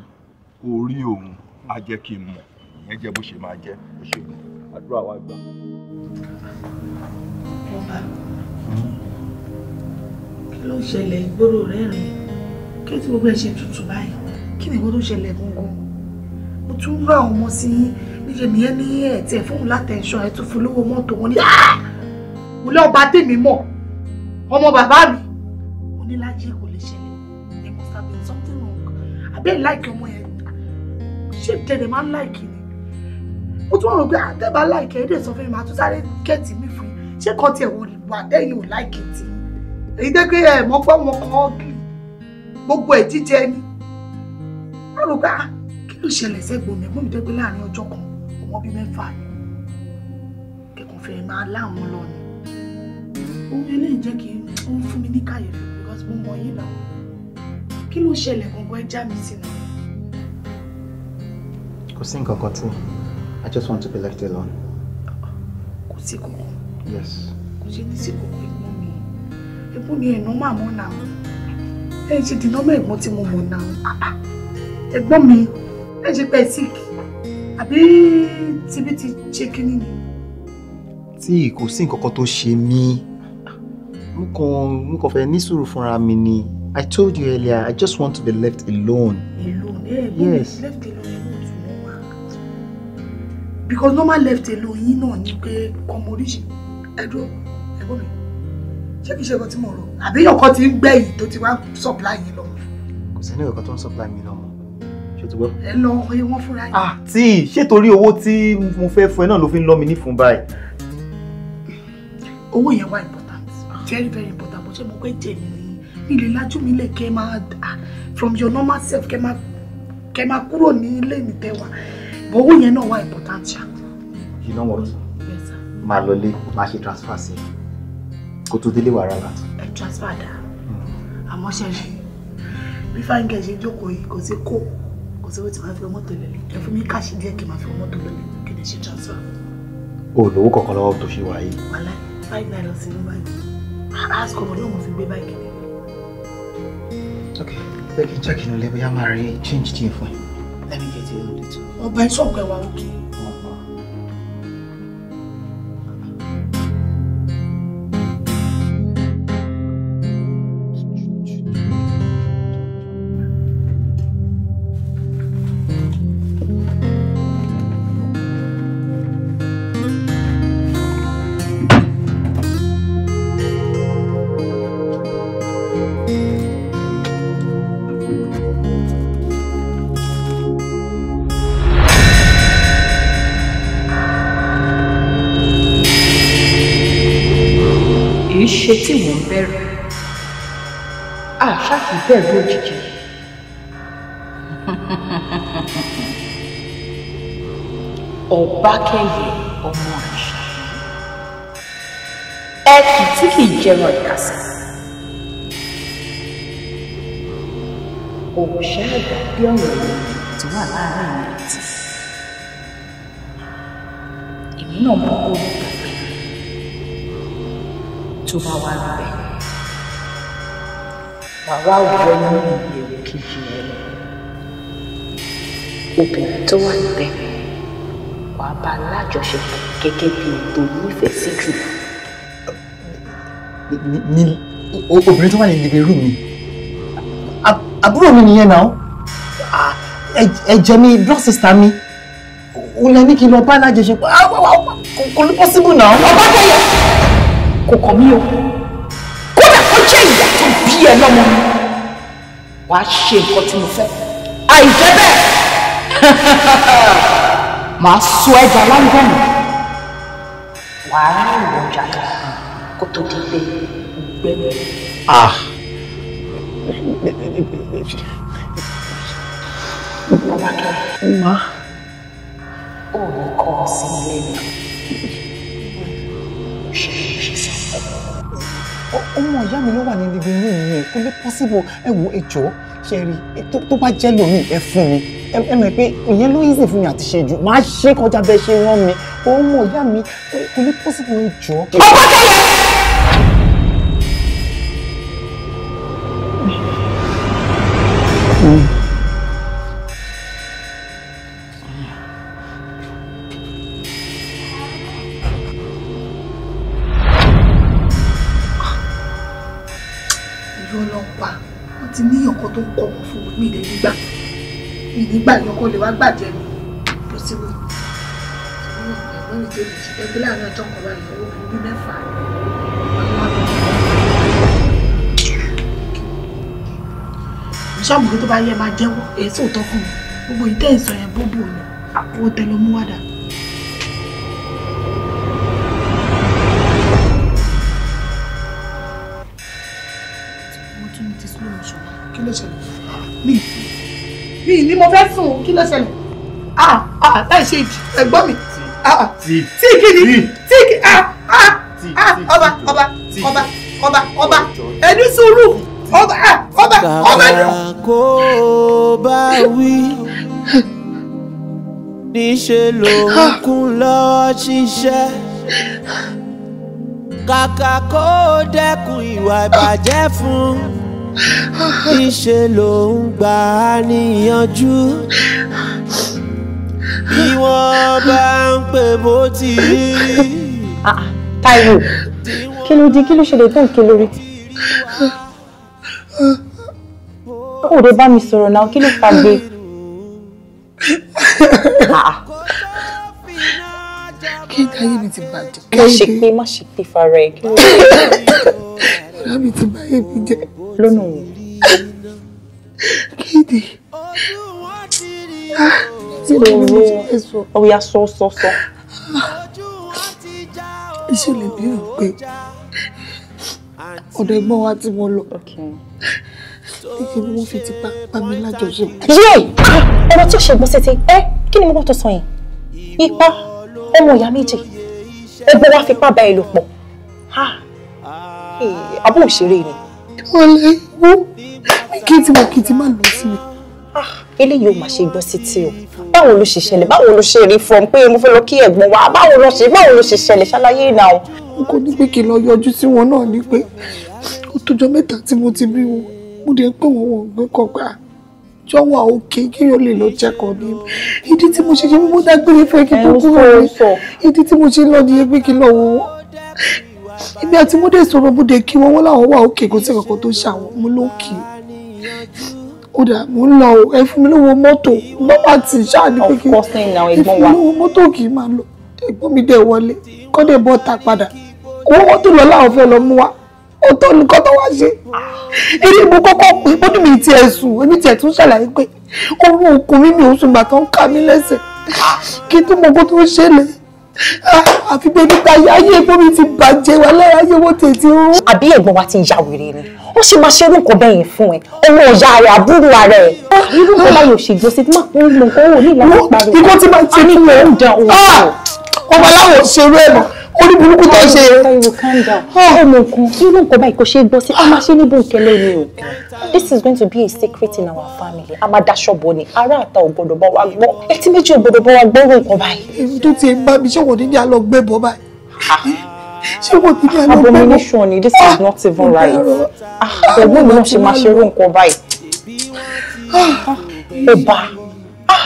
kó rí òun á jẹ́ kí n mọ̀ ìyẹn jẹ́ bó ṣe máa jẹ́ bó ṣe gbọ́ àdúrà wa gbà. ọba kí ló ń ṣẹlẹ̀ ìgboro rẹ̀ rìn kí tí gbogbo ẹ̀ ṣe tutù báyìí kí ni ìwọ ṣẹlẹ̀ gangan mo tún rà ọmọ sí yín yèmí ẹ ní ẹ tiẹ̀ fóun látẹnṣọ ẹ tún fún lówó mọ́tò wọn ní ah! mo lé ọba tèmi mọ̀ ọmọ bàbá mi mo ní láyé kò lè ṣẹlẹ̀ ẹ must have been something wrong àbẹ́ láìkì ọmọ yẹn ṣé ìtẹ̀lẹ̀ máa ń láìkì ni mo tún rò pé àtẹ́bà ah, láìkì ẹ̀ ẹ́ dẹ̀ sọ fún mi màá tún sáré kẹ́ẹ̀tì mi fún yín ṣé kan tiẹ̀ wà tẹ́yìn ò láìkì tì èyí tẹ́ pé ẹ̀ mọ́ pé wọn kàn ọ́gì gbogbo ẹ̀ jíjẹ ni mo rò pé ah, kí ló ṣẹlẹ̀ sẹ́gbọ̀n mi ẹ̀gbọ́n mi tẹ́ pé láàrin ọjọ́ kan ọmọ bíi mẹ́fà kẹ̀kọ́ fẹ́ máa láwọn lọ ni ohun eléyìí jẹ́ kí ó fún mi ní kàyéfì because mo mọ yín náà kí ló ṣẹlẹ̀ gangan ẹ já mi sínú. kò sí nǹkan kan tí I just want to be left alone. kò sí kankan. yes. kò ṣe ní sí kankan ẹ̀gbọ́n mi ẹ̀gbọ́n mi ẹ̀nà máa mọ́ náà ẹ̀ ṣe dìnnà mọ́ tí mo mọ̀ náà ẹ̀gbọ́n mi ẹ̀ ṣe pẹ́ síkì àbí tibí ti ṣe kínní ni. tí kò sí nǹkan kan tó ṣe mí mo kàn mo kàn fẹ́ ní sùúrù fúnra mi ni I told you earlier I just want to be left alone. alone eh? ẹ bó left alone ẹ bó tún mọ because normal left alone yín náà ni pé ọmọ oríṣi ẹ dúró ẹ bọ́ mi ṣé kìí ṣe nǹkan tí mo rò àbí ọkọ ti ń gbẹ̀yìn tó ti wá supply yín lọ. kò sẹ́ni ọ̀kan tó ń supply mi lọ ṣùgbọ́n. ẹ lọ ọyẹ wọn fúnra yìí. àti ṣètòrí owó tí mo fẹ́ fún ẹ náà ló fi ń lọ́ mi nífun báyìí. owó yẹn wá important very very important bó ṣe mo pẹ́ jẹ mi ní ilé lájú mi lè kẹ́ máa from your normal self kẹ́ máa kẹ́ máa kúrò ní ilé mi tẹ́wà bó owó yẹn náà wá important ṣá. you know what máa lọlé máa ṣe transfer sí kó tó délé wàá rárá. ẹ transfer dáa hmm. àmọ́ ṣe rí bí fáńgẹ̀ ṣe jókòó yìí kò sí kó kò sówó tí màá fi ọmọ tó lọlẹ̀ ẹ fún mi káṣí díẹ̀ kí màá fi ọmọ tó lọlẹ̀ kí ni ṣe transfer. o lówó kankan lọ́wọ́ tó ṣe wà yìí. wàhálà five naira sí ní báyìí ask ọmọ náà mo fi gbé báyìí kiri. ok jẹ́ kí jẹ́ kí n lè bóyá máa rí change díẹ̀ fún ẹ. let me get you a little. ọba ẹ̀ sọ̀kọ̀ ẹ̀ wá òkè. ṣe tí mò ń bẹ̀rù àṣà ah, kì í bẹ̀rù òjijì. ọ̀bákẹ́yẹ ọmọ àṣà ẹkì tí kì í jẹran ìkàsà òòṣà àgbà bí ọ̀rọ̀ ènìyàn tó wà láàárín ìrètí èmi náà mọ olùgbà tó bá wà níbẹ̀ wàá wá wọ inú ìyẹ̀wò kejì rẹ lọ obìnrin tó wà níbẹ̀ wàá bá lájọṣepọ̀ gẹ́gẹ́ bí ètò nífẹ̀ẹ́ sí jù. obìnrin tó wà ní ìdílé rú mi àbúrò mi nìyẹn náà ẹ̀jẹ̀ mi blood sister mi o lẹ ní kí n lọ bá lájọṣepọ̀ kò ní possible náà. ọba kẹyọ kò kàn mí o kódà kó jẹ́ ìyá tó bí ẹ lọ́mọ mi wàá ṣe nǹkan tí mo fẹ́ àìjẹ́ bẹ́ẹ̀ màá sọ ẹja lágbọ̀nà wàá rìn ọjà kó tó di pé gbẹ́mí. ah Mama, Mama, oh, you call me, Lenny ọmọ ìyá mi ló wà ní ibi inú mi kò lè pọ́síbò ẹ wo ejò ṣe rí tó bá jẹ́ lómi ẹ fún mi ẹ mọ̀ pé ìyẹn ló easy fún mi àti ṣe jù máa ṣe kọjá bẹ́ẹ̀ ṣe rán mi ọmọ ìyá mi kò lè pọ́síbò ejò. ọkọ tẹ̀lé. àwọn tó bá yẹ máa jẹ́wọ́ èyí tó tọ́kùn mi gbogbo ìtẹ́ǹsọ̀ yẹn bóbò ni owó tẹnu mú wàdà. kí ló ṣẹlẹ̀ mi mi ni mo fẹ́ sùn kí ló ṣẹlẹ̀ ah ah láì ṣe ẹ̀gbọ́n mi tí kí ni tí kí ọba ọba ọba ọba ọba ẹni sùúrù ọba ah, ọba ọba ni. kàkà bá wí níṣẹ́ ló ń kún lọ́wọ́ ṣiṣẹ́ kàkà kó dẹ́kun ìwà ìbàjẹ́ fún níṣẹ́ ló ń gbà á níyànjú bí wọ́n bá ń pè bó ti rí. Ah, ah, Táíwò kí ló di kí ló ṣẹlẹ̀ tó ń ké lórí. ó lè bá mi sọ̀rọ̀ náà kí ló fà gbé. Ah, kí n káyé mi ti bàjẹ́. má ṣe pé má ṣe pé fara ẹ kí ti báyé mi jẹ. lọ́nà òun. kéde tí mo ní jésù. ọ̀ya sọ sọ sọ. iṣẹ́ lè bí rò pé ọ̀dọ̀ ẹ̀gbọ́n wa tí Okay. lọ kíkẹ́ ni wọ́n fi ti pa pa mí lájọṣe. yé ah! ọmọ tí ò ṣègbọ́n ṣe ti ẹ kí ni mo kàn tó sọ yẹn ipa ọmọ ìyá méjì ẹgbẹ́ wa fipá bá ẹ lò pọ̀ ah! àbúrò òṣèré ni. wọ́n lè wú kí tí mo kì í ti máa lọ sí mi. Ah, eléyìí ò mà ṣe gbọ́ sí tí o báwo ló ṣe ṣẹlẹ̀ báwo ló ṣe rí fún ọ pé mo fẹ́ lọ kí ẹ̀gbọ́n wa báwo ló ṣe báwo ló ṣe ṣẹlẹ̀ ṣàlàyé ìnà o. n kò ní pé kí n lọ yọjú sí wọn náà ni pé ó tọjọ́ mẹ́ta tí mo ti bí wọn mo dé pé wọn ò gbé kọgbà jọ̀wọ́ òkè kéèyàn lè lọ jẹkọọ ní ìdí tí mo ṣe ṣe mo dágbére fún ẹkí tó kúrò ní ìdí tí mo ṣe lọ ní ẹgbẹ́ kí lọ wọ wọn ibi àti mo dé sọ̀rọ̀ mo dé kí wọn wọn láwọn wà òkè kó sí kankan tó ṣàwọn mo ló kì í kódà mò ń lọ ẹ fún mi lówó mọ́tò bàbá ti ṣáà ní pé kí ẹ fún mi lówó mọ́tò kì í máa lọ ẹ̀gbọ́n mi dẹ̀ wọlé kọ́dẹ̀ bọ́ ta padà owó mọ́tò lọ láwọn fẹ́ lọ mú wa ọ̀tọ̀ nìkan tó wá ṣe eré ah. mo kọ́kọ́ ó ní mi ti ẹ̀ sùn èmi tiẹ̀ tún ṣàlàyé pé orun òkun mi mi ò sùn gbàtàn ká mi lẹ́sẹ̀ ah. kí tó mọ kó tó ṣẹlẹ̀ ah, àfi pé nípa ayé ẹ̀gbọ́n mi ti bàjẹ́ wa lára ayé wọ́n tètè rú. àbí ẹ̀gbọ́n wa ti ń ya wèrè ni ó ṣe máa ṣerú nǹkan bẹ́ẹ̀ yẹn fún ẹ ọmọ ọ̀yà rẹ̀ àbúrò ara ẹ̀ irú nǹkan láyò ṣe gbèsè tí máa ń lo nǹkan ò ní ìlànà parí ikú tí máa ń ṣe fún ẹ ah! ọmọ aláwọ̀ ṣerú ẹ̀ mọ́ orí burúkú tó ṣe. ọmọ ah! ogun irú nǹkan báyìí kò ṣe é gbọ́ sí a máa ṣe ní bòńkẹ́lé ni o this is going to be a secret in our family a máa daṣọ bọ̀ ni ará àta ò gbọ́dọ̀ bá wa gbọ́ etí méjì ò gbọ́dọ̀ bá wa gbọ́ irú nǹkan báyìí. èmi tó ti bá mi ṣọwọ́ nílé alọ́gbẹ́bọ̀ báyìí. Ah! ṣé wọ́n ti ní ẹlọ́pẹ́ mọ́. abomination ni this is ah! not even right. Ah! ẹ̀gbọ́n mi náà ṣe máa ṣe irú nǹkan báyìí. ọba ah!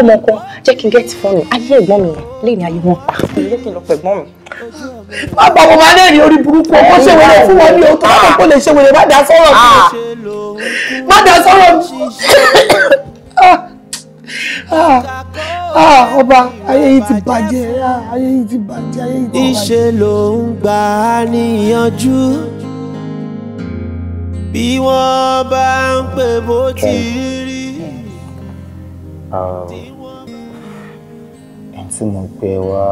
ọmọ kan jẹ́ kí n gẹ́tì fọ́ọ̀nù ayé ẹ̀gbọ́n mi lè ní ayé wọn pa ilé kí n lọ pẹ̀gbọ́n mi. bàbá mo máa ń rẹ́rìn orí burúkú ọmọ ṣe wẹ̀rẹ̀ fún wọn ní ọtọ́ ọmọ kò lè ṣe wẹ̀rẹ̀ má dá sọ́rọ̀ má dá sọ́rọ̀ Ah, ọba ah, ayé yìí ti bàjẹ́ ayé yìí ti bàjẹ́ ayé yìí ti bàjẹ́. ìṣe ló ń gbà á níyànjú bí wọ́n bá ń pè bó ti rí. Ah, ẹni tí mo gbé wá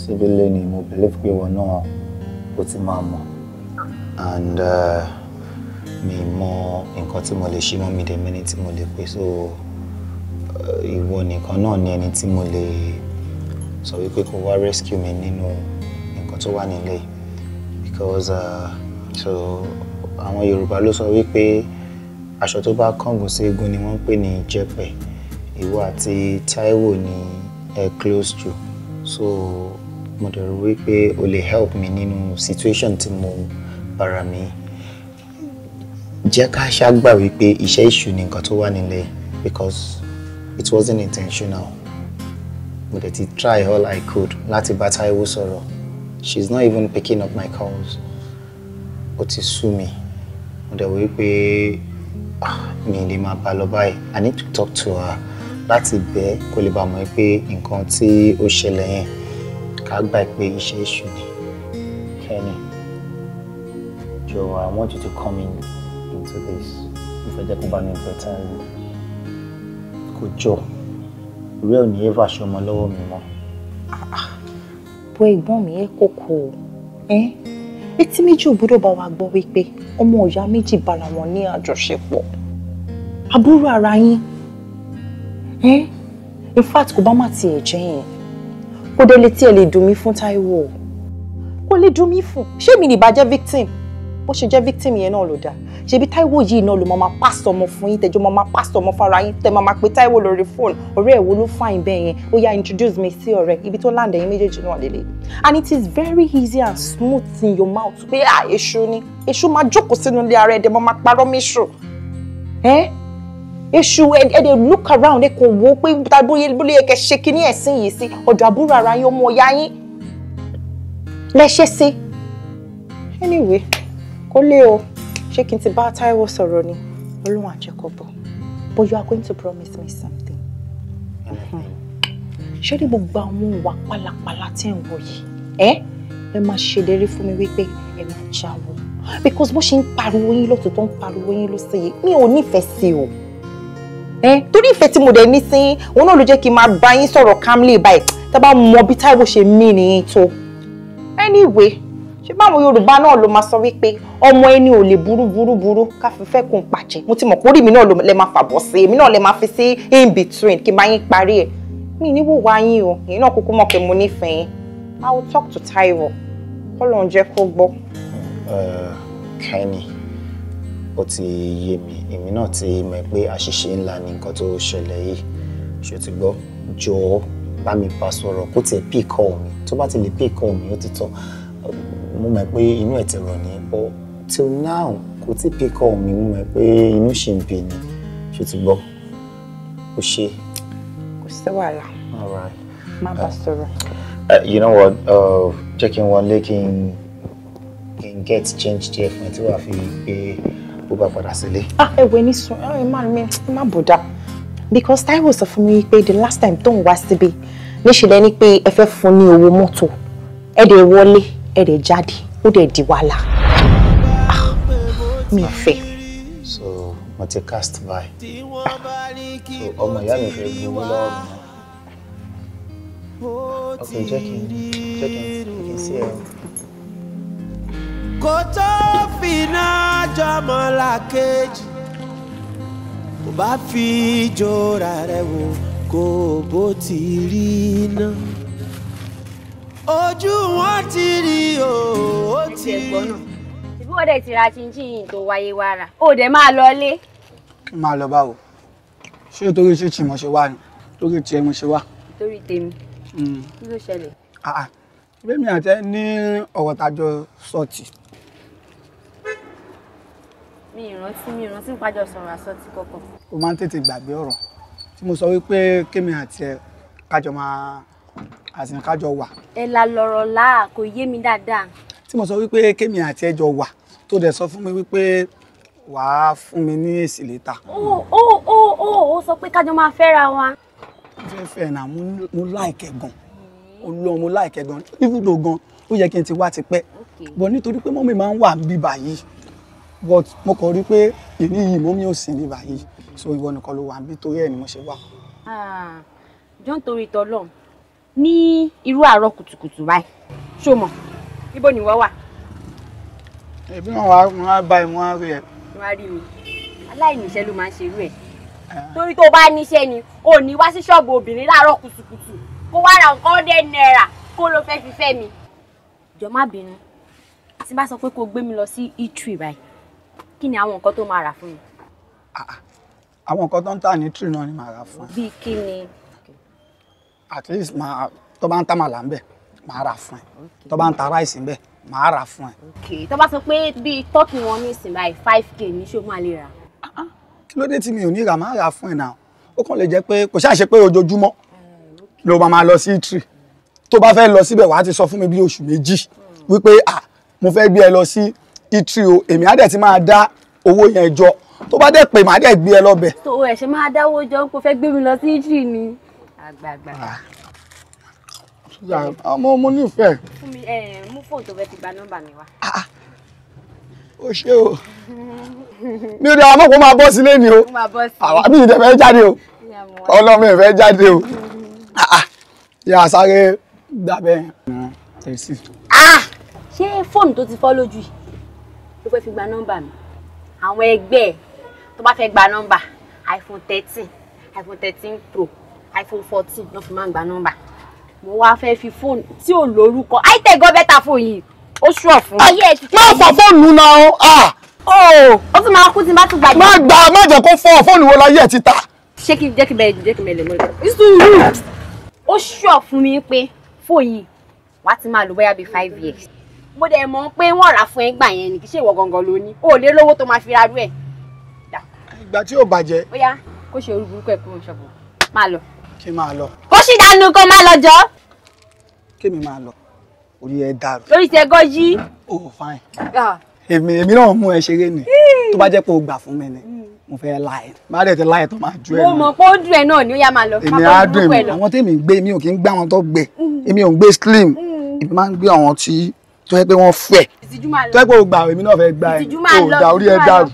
síbí lẹ́ni mo believe pé wọn náà ó ti máa mọ̀ and mi mọ nǹkan tí mo lè ṣe mọ́ mi dẹ̀ mẹ́ni tí mo lè pè so ìwọ nìkan náà ni ẹni tí mo lè sọ wípé kó wá rescue mi nínú nǹkan tó wà nílẹ̀ because uh, so àwọn Yorùbá ló sọ wípé aṣọ tó bá kángun sí eegun ni wọ́n pè ní jẹ́pẹ̀ ìwọ àti Táíwò ni ẹ close to so mo dẹ̀ rò wípé o lè help mi nínú situation tí mo bára mi jẹ́ ká ṣáà gbà wípé iṣẹ́ ìṣù ni nǹkan tó wà nílẹ̀ because it wasn't intentional But I ti try all I could láti bá Táíwò sọ̀rọ̀ she's not even picking up my calls ó ti sú me. mo dẹ̀ wí pé ah, mi lè máa bá lọ báyìí I need to talk to her láti bẹ́ẹ̀ kó lè bá mọ̀ pé nǹkan tí ó ṣẹlẹ̀ yẹn ká gbà pé iṣẹ́ èṣù ni Kenny Joe I want you to come in into this ìfẹ́ jẹ́ kó bá mi bẹ̀ Táíwò kò jọ ìwé ò ní eva ṣọmọ lọ́wọ́ mi mọ́. bọ ẹ̀gbọ́n mi ẹ kókó o etí méjì ò gbọ́dọ̀ bá wa gbọ́ wípé ọmọ ọ̀yá méjì bára wọn ní àjọṣepọ̀ àbúrò ara yín in fact kò bá má tiẹ̀ jẹ́ yẹn kó dé létí ẹ̀ lè dùn mí fún Táíwò kó lè dùn mí fún ṣé mi nìbá jẹ́ victim bó ṣe jẹ́ victim yẹn náà ló dáa ṣebí Táíwò yìí náà ló máa pass ọmọ fún yín tẹjọ́ máa pass ọmọ fara yín tẹ máa pe Táíwò lórí fóònù ọ̀rẹ́ ẹ̀ wo ló fàìn bẹ́ẹ̀ yẹn ó yá introduce me sí ọ̀rẹ́ ibi tó land ẹ̀yin méjèèjì náà lélẹ̀ and it is very easy and smooth in your mouth pé à ah, èṣù ni èṣù máa jókòó sínú ilé ara ẹ̀ dẹ̀ máa parọ́ méṣù ẹ́ èṣù ẹ̀ẹ́dẹ̀ look around ẹ̀ kò wò ó pé bóyá bóyá kẹ́ ṣe kí ní ẹ̀sìn yìí sí ọ̀dọ̀ àbúrò ara yín ọmọ ọ̀yá yín lẹ́ṣẹ́ sí anyway kó lé o ṣé kí n ti bá Táíwò sọ̀rọ̀ ni olóhùn àjẹkọ̀bọ̀ but you are going to promise me something. ṣé ní gbogbo àwọn ìwà pálapàla tí ń wò yìí ẹ ẹ máa ṣèlérí fún mi wípé ẹ máa jáwọ́ because bó ṣe ń pariwo yín lọ́tọ̀ tó ń pariwo yín ló ṣe yìí mi ò nífẹ̀ẹ́ sí o torí ìfẹ́ tí mo dẹ̀ ní sí òun náà ló jẹ́ kí n máa bá yín sọ̀rọ̀ calmly báyìí tá a bá mọ bí Táíwò ṣe mí nìyí tó anyway ṣé báwọn yorùbá náà ló máa sọ wípé ọmọ ẹni ò lè burú burú burú ká fi fẹ́ kó n pàjẹ́ mo ti mọ̀ pé orí mi náà lè máa fàbọ̀ sí èmi náà lè máa fi sí in between kí n bá yín parí ẹ̀ mi ní wò wá yín o èyí náà kúkú mọ̀ pé mo nífẹ̀ẹ́ yín i will talk to Taiwo kọ́lọ̀ ń jẹ́ kó gbọ́. Kenny ó ti yé mi èmi náà ti mọ̀ pé àṣìṣe ńlá ni nǹkan tó ṣẹlẹ̀ yìí ṣó ti gbọ́ jọ̀ọ́ bá mi bá sọ̀rọ̀ kó tiẹ̀ pè kọ́ mi tó bá ti lè pè kọ́ mi ó ti tán mo mọ̀ pé inú ẹ̀ ti rọ̀ ní till now kò tí pick up mi mo mọ̀ pé inú ṣì ń bí ni ṣe ti gbọ́ ó ṣe. kò sí wàhálà má bá uh, sọ̀rọ̀. Uh, you know what uh, jẹ́ kí n wọlé kí n kí n get change díẹ̀ fún ẹ tí wàá fi gbé bó bá padà sílé. ah ẹ̀wẹ̀ ní sùn ẹ̀ má mi má bọ̀dà because Taiwo sọ fún mi pé the last time tóun wá síbi níṣẹ́ lẹ́ni pé ẹ fẹ́ fún ní owó mọ́tò ẹ̀ dẹ̀ wọlé ẹ rẹ̀ jáde ó dẹ̀ di wàhálà ah, mi fẹ́. so mo ti cast by so ọmọ ìyá mi fẹ́ gbowó lọ́wọ́ mi náà ọkùnrin jẹ́ kí n jẹ́ kí n sí ẹ kò tó fìná jọmọ làkejì kò bá fi jọra rẹ wò kò bó ti rí náà ojú wọn ti rí o ó ti rí. ìbí wọn dẹ̀ ti ra chinchin tó wáyé wá rà ó dẹ̀ máa lọ lé. máa lọ báwo ṣé torí ṣé tí mo ṣe wá ni torí tiẹ̀ mo ṣe wá. torí tèmi hmm. kí ló ṣẹlẹ̀. Ah, ah. bẹ́ẹ̀ni àti ẹ ní ọ̀rọ̀ tájọ sọ́ọ̀tì. mi ìrántí mi ìrántí ń pàjọ sọ̀rọ̀ àsọtì kọ̀ọ̀kan. o máa ń tètè gbàgbé ọ̀rọ̀ tí mo sọ wípé kémi àti ẹ kájọ máa àti kájọ wà. ẹ la lọ̀rọ̀ là kò yé mi dáadáa. tí mo sọ wípé kémi àti ẹjọ wà tó dẹ̀ sọ fún mi wípé wàá fún mi ní èsì létà. ó ó ó ó ó sọ pé kájọ máa fẹ́ra wa. mo fẹ́ fẹ́ náà mo láìkẹ́ gan olùwọ́n mo láìkẹ́ gan ibùdó gan ó yẹ kí n ti wá ti pẹ́ bọ̀ nítorí pé mọ́mí máa ń wà bí báyìí but mo kàn rí pé ìní yìí mọ́mí ò sí ní báyìí so ìwọ nìkan ló wà nítorí ẹ̀ ni mo ṣe wà. Ah, John torí tọ́lọ́mù ní irú àárọ̀ kùtùkùtù báyìí ṣó mọ̀ ibo ni wọ́n wà. ẹbí wọn wá wọn á bá wọn á rí ẹ. wọn á rí mi aláìníṣẹ́ ló máa ń ṣerú ẹ̀ torí tó bá níṣẹ́ ni ò ní wá sí ṣọ́ọ̀bù obìnrin láàárọ̀ kùtùkùtù kó wá ra nǹkan ọ̀dẹ́ náírà kó ló fẹ́ fi fẹ́ mi. jọ má bínú tí bá sọ pé kó gbé mi lọ sí eatery báyìí kí ni àwọn nǹkan tó máa rà fún mi. Ah, ah. àwọn nǹkan tó ń tà ní eatery náà ni màá rà fún ẹ. bíi kí ni at least máa tó bá ń ta màlà ń bẹ̀ máa rà fún ẹ tó bá ń ta ráìsì ń bẹ̀ máa rà fún ẹ. ok tó bá sọ pé bíi tọ́kì wọn ní ìsìn báyìí five k ní ṣó máa lè rà. Ah, ah. kí ló dé tí mi ò ní rà máa rà fún ẹ náà ó kàn lè jẹ́ pé kò ṣáà ṣe pé ojoojúmọ́ eh, ló máa lọ sí tree tó bá fẹ́ lọ síbẹ̀ wàá ti sọ fún mi bí oṣù méjì wípé ah mo fẹ́ gbé ẹ lọ sí tree o èmi á dẹ̀ ti máa dá owó yẹn jọ tó bá dẹ̀ pè má dẹ̀ gbé ẹ lọ́bẹ̀. tó o ẹ̀ ṣe máa dáwó jọ pé o fẹ́ gbé mi lọ sí tree ni àgbààgbà. Ah. ṣùgbọ́n ọmọ ah, mo nífẹ̀ẹ́. fún mi ẹ eh, mú fóònù tó fẹ́ fi gba nọ́mbà mi wá. Ah, ó ṣe o mi ò dé àwọn ọmọkùnrin máa bọ́ sílé ni o àwa mi ì dẹ̀fẹ́ jáde o ọlọ́mọ ìfẹ́ jáde o yà sáré dàbẹ̀ tẹ̀sí. ṣé fóònù tó ti fọ́ lójú yìí ló fẹ́ fi gba nọ́mbà mi àwọn ẹgbẹ́ tó bá fẹ́ gba nọ́mbà iPhone thirteen iPhone thirteen Pro iphone fourteen náà fi máa ń gba nọ́mbà mo wá fẹ́ fi fóònù tí ò lórúkọ itel gan bẹ́tà fóònù yìí ó ṣùọ̀ fún. ayé ẹ ti tẹ́lẹ̀ máa fọ fóònù náà o. Ah! ó tún máa kú tí n bá tún gbàgbé. má gbà má jẹ́ kó fọ́ fóònù wo láyé ẹ ti ta. ṣé kí jẹ́ kí bẹ́ẹ̀ jẹ́ kí bẹ́ẹ̀ lè mọ̀ ẹ́. sùúrù ó ṣùọ̀ fún mi pé fóònù yìí wàá ti máa lò bóyá bíi five years mo dẹ̀ mọ̀ pé wọ́n rà fún ẹgbà yẹn ni kì í ṣe ìwọ gangan ló ní o lè lówó tó máa fi ra rú ẹ̀. ìgbà tí ò bàjẹ́. ó yá kó ṣe orúkọ ẹ̀ kúrò ṣọ̀bù máa lọ kí máa lọ. ó sì dànù kó máa lọ jọ. kémi máa lọ orí ẹ dàrú. lórí ti ẹgọ yí. o oh, ò fain. èmi èmi náà mú ẹ ṣeré ni tó bá jẹ́ pé o gbà fún mi ni hmm. mo fẹ́ láì má dẹ̀ ti láì tó máa ju ẹ lọ. mo mọ̀ pé ó dùn ẹ náà ni ó yá máa lọ. èmi á dùn èmi àwọn tèmi ń gbé mi ò kí ń gbé àwọn tó gbé hmm. èmi ò ń gbé slim hmm. èmi máa ń gbé àwọn tí tó yẹ pé wọ́n fẹ́ tó yẹ pé o gbà èmi náà fẹ́ gbà ẹ o dà orí ẹ dàrú.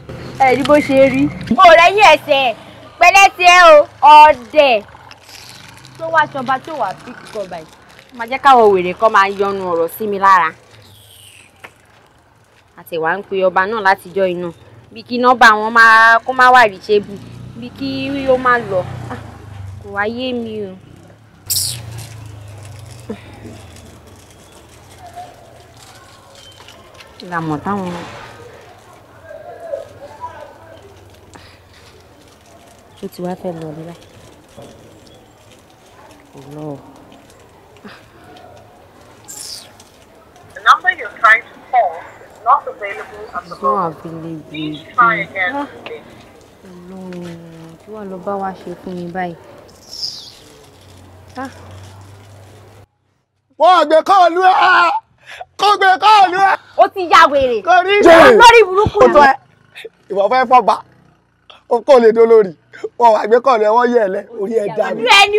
ẹ rí bó ṣe rí. mo rẹ yín ẹsẹ pẹ̀lẹ́ tiẹ̀ o ọdẹ tó wá ṣọba tó wà fi kọ báyìí. má jẹ́ káwọn wèrè kan máa yọnu ọ̀rọ̀ sí mi lára. àtẹ̀wá ń pe ọba náà látijọ́ inú bí kí nọ́mbà wọn máa kó má wà rí ṣe bù bí kí ó má lọ ah, kò wá yé mi o. làmọ̀ táwọn. ó ti wá fẹ́ lọ nílẹ̀. Hello. The number you're trying to call is not available at the moment. Please try again. Ah. Hello. Kí wàá lọ bá wa ṣe fún mi báyìí? Ah. Wọ́n gbé kọ́ọ̀lù ẹ̀ kó gbé kọ́ọ̀lù ẹ̀. Ó ti ya wèrè. Kò rí jẹ́ lórí burúkú rẹ̀. Ìwọ fẹ́ fọba, o kò lè dolórí wọn wà gbẹ́kọ̀ lẹ wọ́n yẹ̀ lẹ orí ẹ̀ dá mi. rẹ̀ ni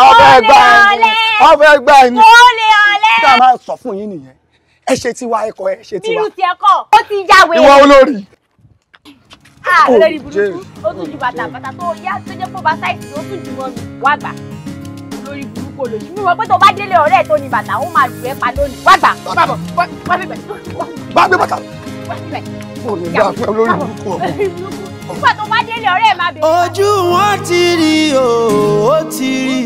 ọ̀fẹ́ gbà ẹni ọ̀fẹ́ gbà ẹni ó ọ̀lẹ́. tá a máa sọ fún yín nìyẹn ẹ ṣe tiwa ẹkọ ẹ ṣe tiwa. irú ẹkọ ó ti ya wèrè. ìwọ olórí. Ah, oh, olórí burúkú ó tún ju bàtà bàtà tó yá tó jẹ́ kó bá sáìsì ó tún ju ọnù wá gbà lórí burúkú olójú mi wọ pé tó bá délé ọ̀rẹ́ tó ní bàtà ó máa lù ẹ́ pa lónìí wá gbà. bá bọ̀ bá bíbẹ̀. bá bíbẹ̀. bá bíbẹ̀ nígbà tó bá délé ọ̀rẹ́ ẹ̀ máa bèrè. ojú wọn ti rí o ó ti rí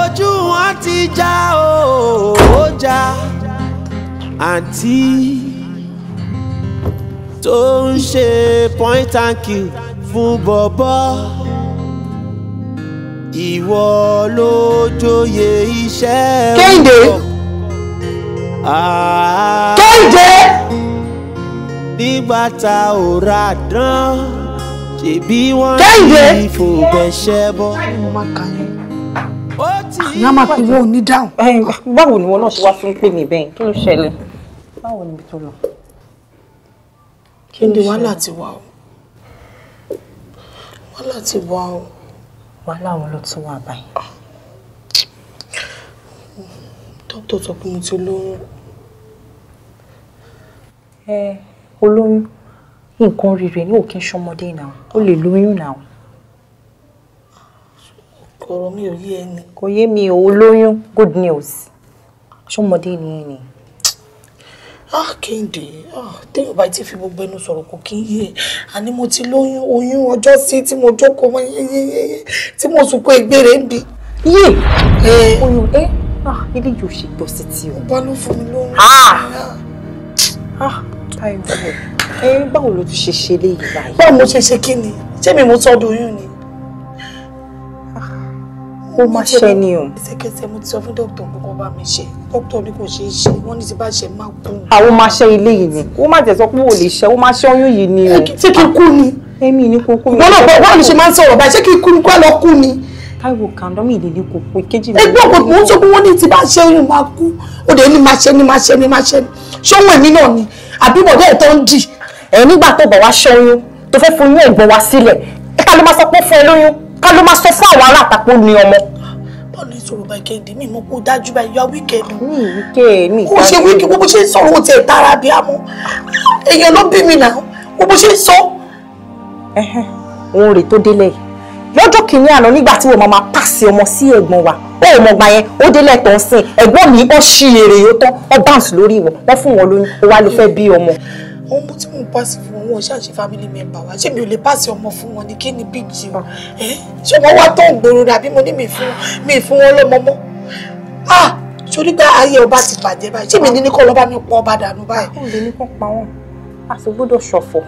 ojú wọn ti já o ó já àǹtí tó ń ṣe point and kill fún bọ̀bọ̀ ìwọ ló joyè iṣẹ́. kéde ah. kéde nígbà tá ò ra dán ṣèbí wọ́n ní ìfò bẹ̀ṣẹ̀ bọ́. ìyá máa pè wọ́n ní dáhùn. báwo ni wọn náà ṣe wá tún pè mí bẹ́ẹ̀ kí ló ṣẹlẹ̀ báwo ni tó lọ. kí ni wàhálà ti wà o wàhálà ti wà o. wàhálà wọn ló tún wà báyìí. dókítà sọ mo ti lóyún. ẹ olóyún nǹkan rírẹ ní òkè ṣọmọdé náà ó lè lóyún náà. ọ̀rọ̀ mi ò yé ẹni. kò yé mi ò lóyún good news ṣọmọdé ni ẹ ni. ah kéde ah téèyàn bá ti fi gbogbo ẹnu sọ̀rọ̀ kò kí n yé e. àní mo ti lóyún oyún ọjọ́ sí tí mo jókòó mọ́ yéyéyé tí mo sùn pé ìgbére ń bi. yé oyún ẹ ah ilé yóò ṣe gbọ́ sí ti o. ọba ló fún mi lóyún. ah ah, ah Táíwò báwo ló tún ṣe ṣe léyìí báyìí. báwo mo ṣe ṣe kí ni ṣé mo tọ́jú oyún ni. ó má ṣe ni o. ẹsẹ̀kẹsẹ̀ mo ti sọ fún dókítà kókó bá mi ṣe dókítà ní kò ṣeé ṣe wọ́n ní ti bá ṣe má kú. àwọn máa ṣe ilé yìí ni ó má tẹ̀sọ́ pé o lè ṣe ó máa ṣe oyún yìí ni o. ṣé kí n kú ni. èmi ni kò kú mi. wọ́n náà wọ́n ní ṣe máa ń sọ̀rọ̀ báyìí ṣé kí n kú ni kó lọ kú ni. Táíwò kàndọ́ mi ìdílé kò pé kéjì mi. ẹgbẹ́ ọ̀pọ̀ mò ń sọ pé wọ́n ní ti bá ṣe é máa kú ó dé ní máa ṣe ní máa ṣe ní máa ṣe ṣóhun ẹ̀mí náà ni àbí bọ̀dẹ́ ẹ̀ tó ń dì. ẹ nígbà tó bọ̀ wá ṣọyún tó fẹ́ fún yín ẹ̀gbọ́n wa sílẹ̀ ká ló máa sọ pé fún ẹ lóyún ká ló máa sọ fún àwọn aláàtàpó ni ọmọ ní sọ̀rọ̀ bá kẹ́hìndé mi mọ̀ kó dájú bá yọ wíkẹ́ẹ̀dù. mi wíkẹ́ mi ìta ṣe wíkẹ́ bó bó ṣe sọ̀rọ̀ ó tiẹ̀ tara bí a mọ̀ èèyàn ló bí mi náà bó bó lọ́jọ́ kìíní àná nígbà tí wọ́n máa máa pàṣẹ ọmọ sí ẹ̀gbọ́n wa ó ò mọ̀gbà yẹn ó délẹ̀ tán sí ẹ̀gbọ́n mi ó ṣí èrè yóò tán ó bounce lórí ìwọ̀ wọ́n fún wọn lóyún ó wá ló fẹ́ bí ọmọ. ọmọ tí mo pàṣẹ fún wọn ṣáàṣì family member wa ṣé mi ò lè pàṣẹ ọmọ fún wọn ni kí ni big deal ah. ṣé wọn wá tó ń gbòòrò àbí mo ní mi fún mi fún wọn lọmọ mọ ah torí pé ayé ọba ti bàjẹ́ báyìí ṣé mi ní kọ́ lọ́ba mi pọ̀ ọba dànù báyìí. àwọn ò lè ní kó pa wọn a sì gbọ́dọ̀ ṣọ̀fọ̀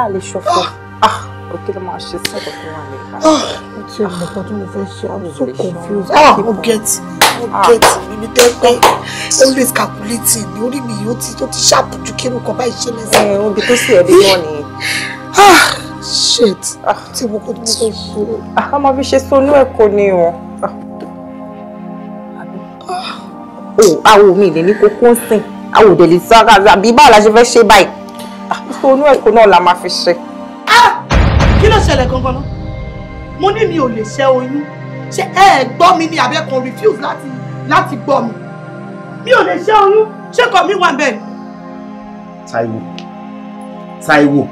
a lè ṣọ̀fọ̀ ah, ah o kí ló i'm so confused. ah mo get mo get ibi tẹ́ pẹ́ always calculating ni orí mi yóò ti tó ti ṣàpù ju kí nǹkan báyìí ṣe lẹ́sẹ̀. ẹ obi tó ah shit tí mo kọ́ tí mo fẹ́ ṣe. a máa fi ṣe sonú ẹ̀kọ́ ni o. o àwọn mi lè ní kókó ń sìn àwọn òdèlè sára àbí báwo la ṣe fẹ́ ṣe báyìí. sonú ẹ̀kọ́ kí ló ṣẹlẹ̀ gangan náà mo ní mi ò lè ṣẹ́ oyún ṣé ẹ ẹ gbọ́ mi ní abẹ́kan refuse láti láti gbọ́ mi mi ò lè ṣẹ́ oyún ṣé kò mí wà bẹ́ẹ̀. Taiwo. Táíwò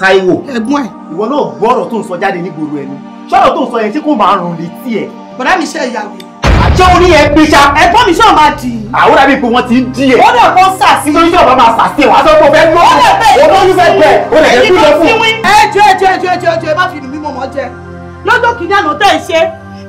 Táíwò ẹ̀gbọ́n ẹ̀ ìwọ náà gbọ́ ọ̀rọ̀ tó ń sọ jáde nígboro ẹnu ṣọ́rọ̀ tó ń sọ yẹn ṣé kò máa rùn létí ẹ̀. bọ̀dá mi ṣe ìyàwó ṣé orí ẹ gbé ṣá. ẹ̀gbọ́n mi ṣáà máa dì í. àwọn dàbí pé wọ́n ti ń dí ẹ̀. ó dẹ̀ kọ́ sàṣì. nítorí tí ọba máa sàṣì ẹ̀ wá sọ pé o fẹ́ lọ. ó dẹ̀ bẹ́ẹ̀ ló ń fẹ́ bẹ́ẹ̀ o dẹ̀ kẹ́kọ̀ọ́ lọ fún. ẹ jọ ẹ jọ ẹ jọ ẹ jọ ẹ jọ ẹ má fi ìlú mímọ mọ jẹ lọ́jọ́ kìíní àná tẹ́ ẹ ṣe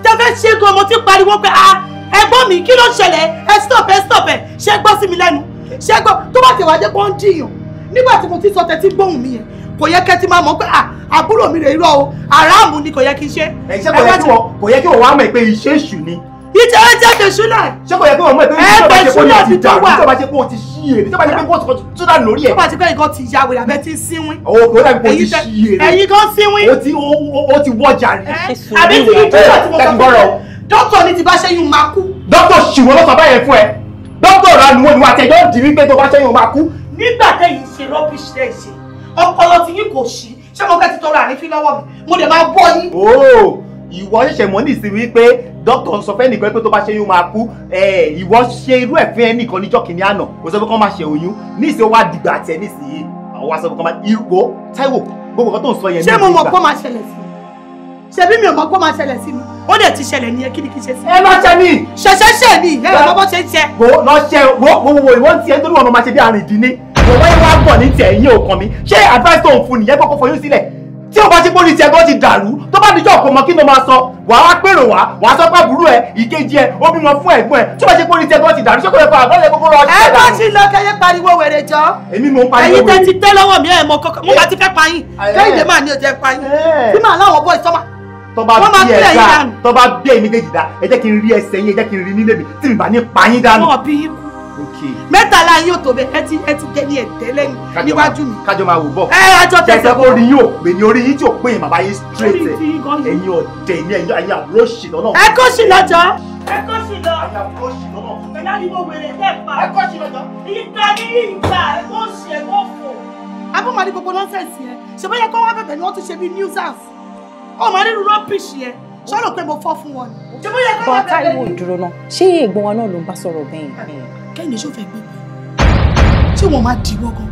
tẹ́ fẹ́ ṣe gan mo ti pariwo pé ah ẹ̀gbọ́n mi kí ló ṣẹlẹ̀ ẹ stop ẹ stop ẹ ṣe gbọ́ sí mi lẹ́nu ṣe gbọ́ tó bá ti wà jẹ́ pé ó ń dìyàn nígbà tí mo ti sọ tẹ́tí gbóhùn mi yẹn kò yẹ kẹ́ ti máa mọ̀ pé ah, àbúrò mi rè irọ́ o aráàmù ni kò yẹ kí n ṣe. ẹ ṣe kò yẹ kí wọ́n kò yẹ kí wọ́n wá mọ̀ pé iṣẹ́ èṣù ni ìjà ẹjẹ ti ṣúlẹ̀. ṣé kò yẹ kí wọn mọ ẹ pé ìjọba ṣe kó ní ti dà ìjọba ṣe kó ti ṣí èrè ìjọba ṣe pé kó ti tún dà lórí ẹ. ìjọba ti pé nǹkan ti ya wèrè abẹ ti sínwín. o kò dàbí kó ti ṣí èrè. ẹyin kan sínwín. o ti o ti wọjà rẹ. àbí ti ní dókítà tí mo sọ fún ẹ dókítà ni ti bá ṣẹ́yún máa kú. dókítà ṣìwọ́n lọ́sọ̀ báyẹn fún ẹ dókítà ìranuwo ṣe mo fẹ́ ti tọrọ ànífín lọ́wọ́ mi mo dẹ̀ máa bọ́ yín ìwọ ṣẹ̀ṣẹ̀ mọ̀ nísìnyí wípé dókítà sọ fẹ́ nìkan pé tó bá ṣe yún máa kú ìwọ ṣe irú ẹ̀ fún ẹnìkan níjọ́ kìíní àná kò sọ pé kán máa ṣe oyún nísìnyí ó wá dìgbà tẹ nísìnyí àwọn wá sọ pé kán máa ìwọ Táíwò gbogbo kan tó ń sọ yẹn ní ìgbà. ṣé mo mọ̀ kó máa ṣẹlẹ̀ sí i ṣebí mi ò mọ̀ kó máa ṣẹlẹ̀ sí mi ó dẹ̀ ti ṣẹlẹ̀ ní kí ni kí n ṣe sí. ẹ lọ́ọ́ ṣe mí. ṣẹṣẹ ṣe mí ẹ lọ́ọ́ bọ́ ṣe ń ṣe. wo lọ ṣe wo wo ìwọ ti ẹ nítorí wọn máa ṣe bí arìndínní tí o bá ti pólítì ẹgbẹ́ ti dàrú tó bá níjọ́ ọ̀kọ́ mọ kí ló máa sọ wàá wá pèrò wá wàá sọ pé àbúrò ẹ ìkejì ẹ ó bímọ fún ẹ̀gbọ́n ẹ tí o bá ti pólítì ẹgbẹ́ ti dàrú ṣé kò lè fa àbọ̀ yẹ kókó lọ ọdún ẹ̀dá. ẹ bá ti lọ kẹyẹ pariwo wèrè jọ. èmi mò ń pariwo wèrè. ẹ̀yin tẹ ti tẹ lọ́wọ́ mi ẹ mọ kọkọ mo bá ti fẹ́ pa yín kẹyìndé máa ní òjẹ pa yín bí màá láwọn bọ ìsọmọ tọba bí ẹ dá tọba bí ẹ méjèèjì dá ẹ jẹ́ kí n rí ẹsẹ̀ yín ẹ jẹ́ kí n rí nílé mi tí mi bá ní pa yín dànù. wọn bí yín kú mẹ́tàlá yín ò tó bẹ ẹ ti ẹ ti jẹ ní ẹ̀tẹ́ lẹ́yìn níwájú mi. kájọ máa wò bọ̀. ẹ ajọ tẹsẹ̀ bọ̀. tẹsẹ̀ orí yín ò pè ní orí yín tí ò pè yín bàbá yín straight ẹ ẹ̀yin ọ̀dẹ̀ ní ẹ̀yin ayé àbúrò ṣì lọ́nà. ẹ kó ṣì lọ́jọ́. ẹ kó ṣì lọ. ayé àbúrò ṣì lọ́nà. ẹ̀yà ni mo wèrè tẹ́ pa. ẹ kó ṣì lọ́jọ́. ìta ní ìgbà ẹ kó ṣì ẹ kó fò. abúmọ̀dé gbogbo nọ́sẹ̀sì yẹn ṣe bóyá kó wá bẹ̀bẹ̀ ni wọ́n ti ṣe bí newsers. ó ṣé èègbọ́n náà ló ń bá sọ̀rọ̀ bẹ́yìn kẹ́hìndé ṣó fẹ́ gbé pẹ́ ṣé wọ́n máa dìwọ́ gan.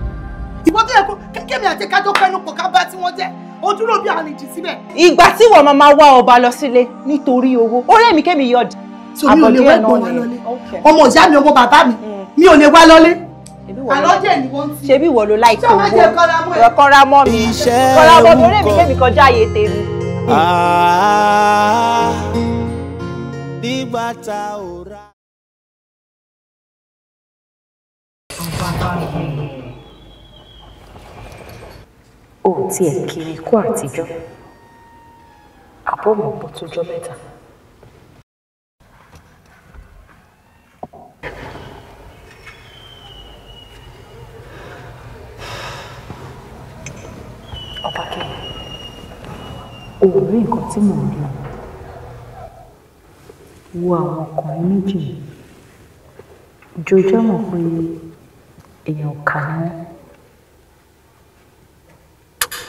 ìwọ tó yẹ kó kémi àti kájọ pẹnu pọ̀ ká bá tí wọ́n jẹ́ ojúrò bí àrìndì síbẹ̀. ìgbà tí wọ́n máa wá ọba lọ sílé nítorí owó ọ̀rẹ́ mi kémi yọ ọdí. sori ò lè wá ẹ̀gbọ́n wa lọlé ọmọ ìyá mi ọmọ bàbá mi hmm. mi ò lè wá lọlé. àlọ́jẹ̀ ni wọ́n ti. ṣebí ìwọ ló láì tó owó kọ́ra mọ́ mi kọ́ra mọ́ mi ọ̀rẹ́ mi kémi kọjá o ò tiẹ̀ kiri kó àtijọ́ àbọ̀mọ̀ pọ̀ tó jọ mẹ́ta. ọ̀pákẹ́ o ò rí nǹkan tí mò ń rí wo àwọn ọkùnrin méjì yìí jọjọ́ mọ̀ pé èèyàn kà ní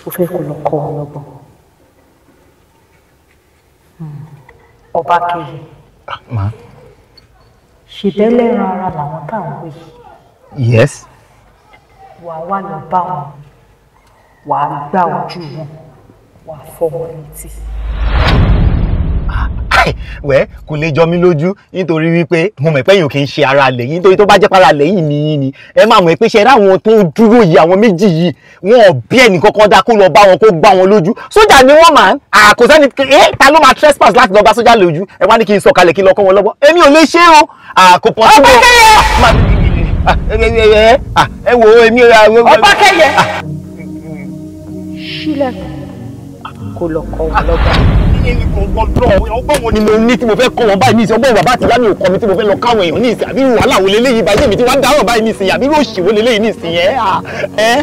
wọn ó fẹ́ kó lọ kọ́ wọn lọ́gbọ́n hmm. ọba kejì ah, ṣèbẹ́ lẹ́ran ara làwọn táwọn wí. yes. wàá wà lọ bá wọn wàá gbá ojú wọn wàá fọ́ wọn létí wẹ́ kò lè jọ mí lójú nítorí wípé mo mọ̀ pé yìí ò kì í ṣe ara lẹ́yìn nítorí tó bá jẹ́ para lẹ́yìn nìyí ni ẹ máa mọ̀ pé ṣe ráwọn tó dúró yìí àwọn méjì yìí wọn ò bí ẹnì kankan dá kó lọ bá wọn kó gbá wọn lójú sójà ni wọ́n máa ń àkọsẹ́ni ẹ ta ló máa trespass láti lọ gba sójà lójú ẹ wá ní kí n sọ̀kalẹ̀ kí n lọ kọ́ wọn lọ́gbọ́n èmi ò lè ṣe o àkópọ̀ sí wọn. ọbákẹ́yẹ. sílẹ̀ kó lọ kọ́ láyé gbọ̀ngàn lọ ọgbọ́n wo ni mo ní tí mo fẹ́ kọ́ wọn báyìí nísìnyí ọgbọ́n bàbá àti lámì òkọ́ mi tí mo fẹ́ lọ káwọn èèyàn nísìnyí àbí wàhálà wo leléyìí báyìí èmi tí wọ́n ń dárò báyìí nísìnyí àbí lóṣìwò leléyìí nísìnyí ẹ́ ẹ́.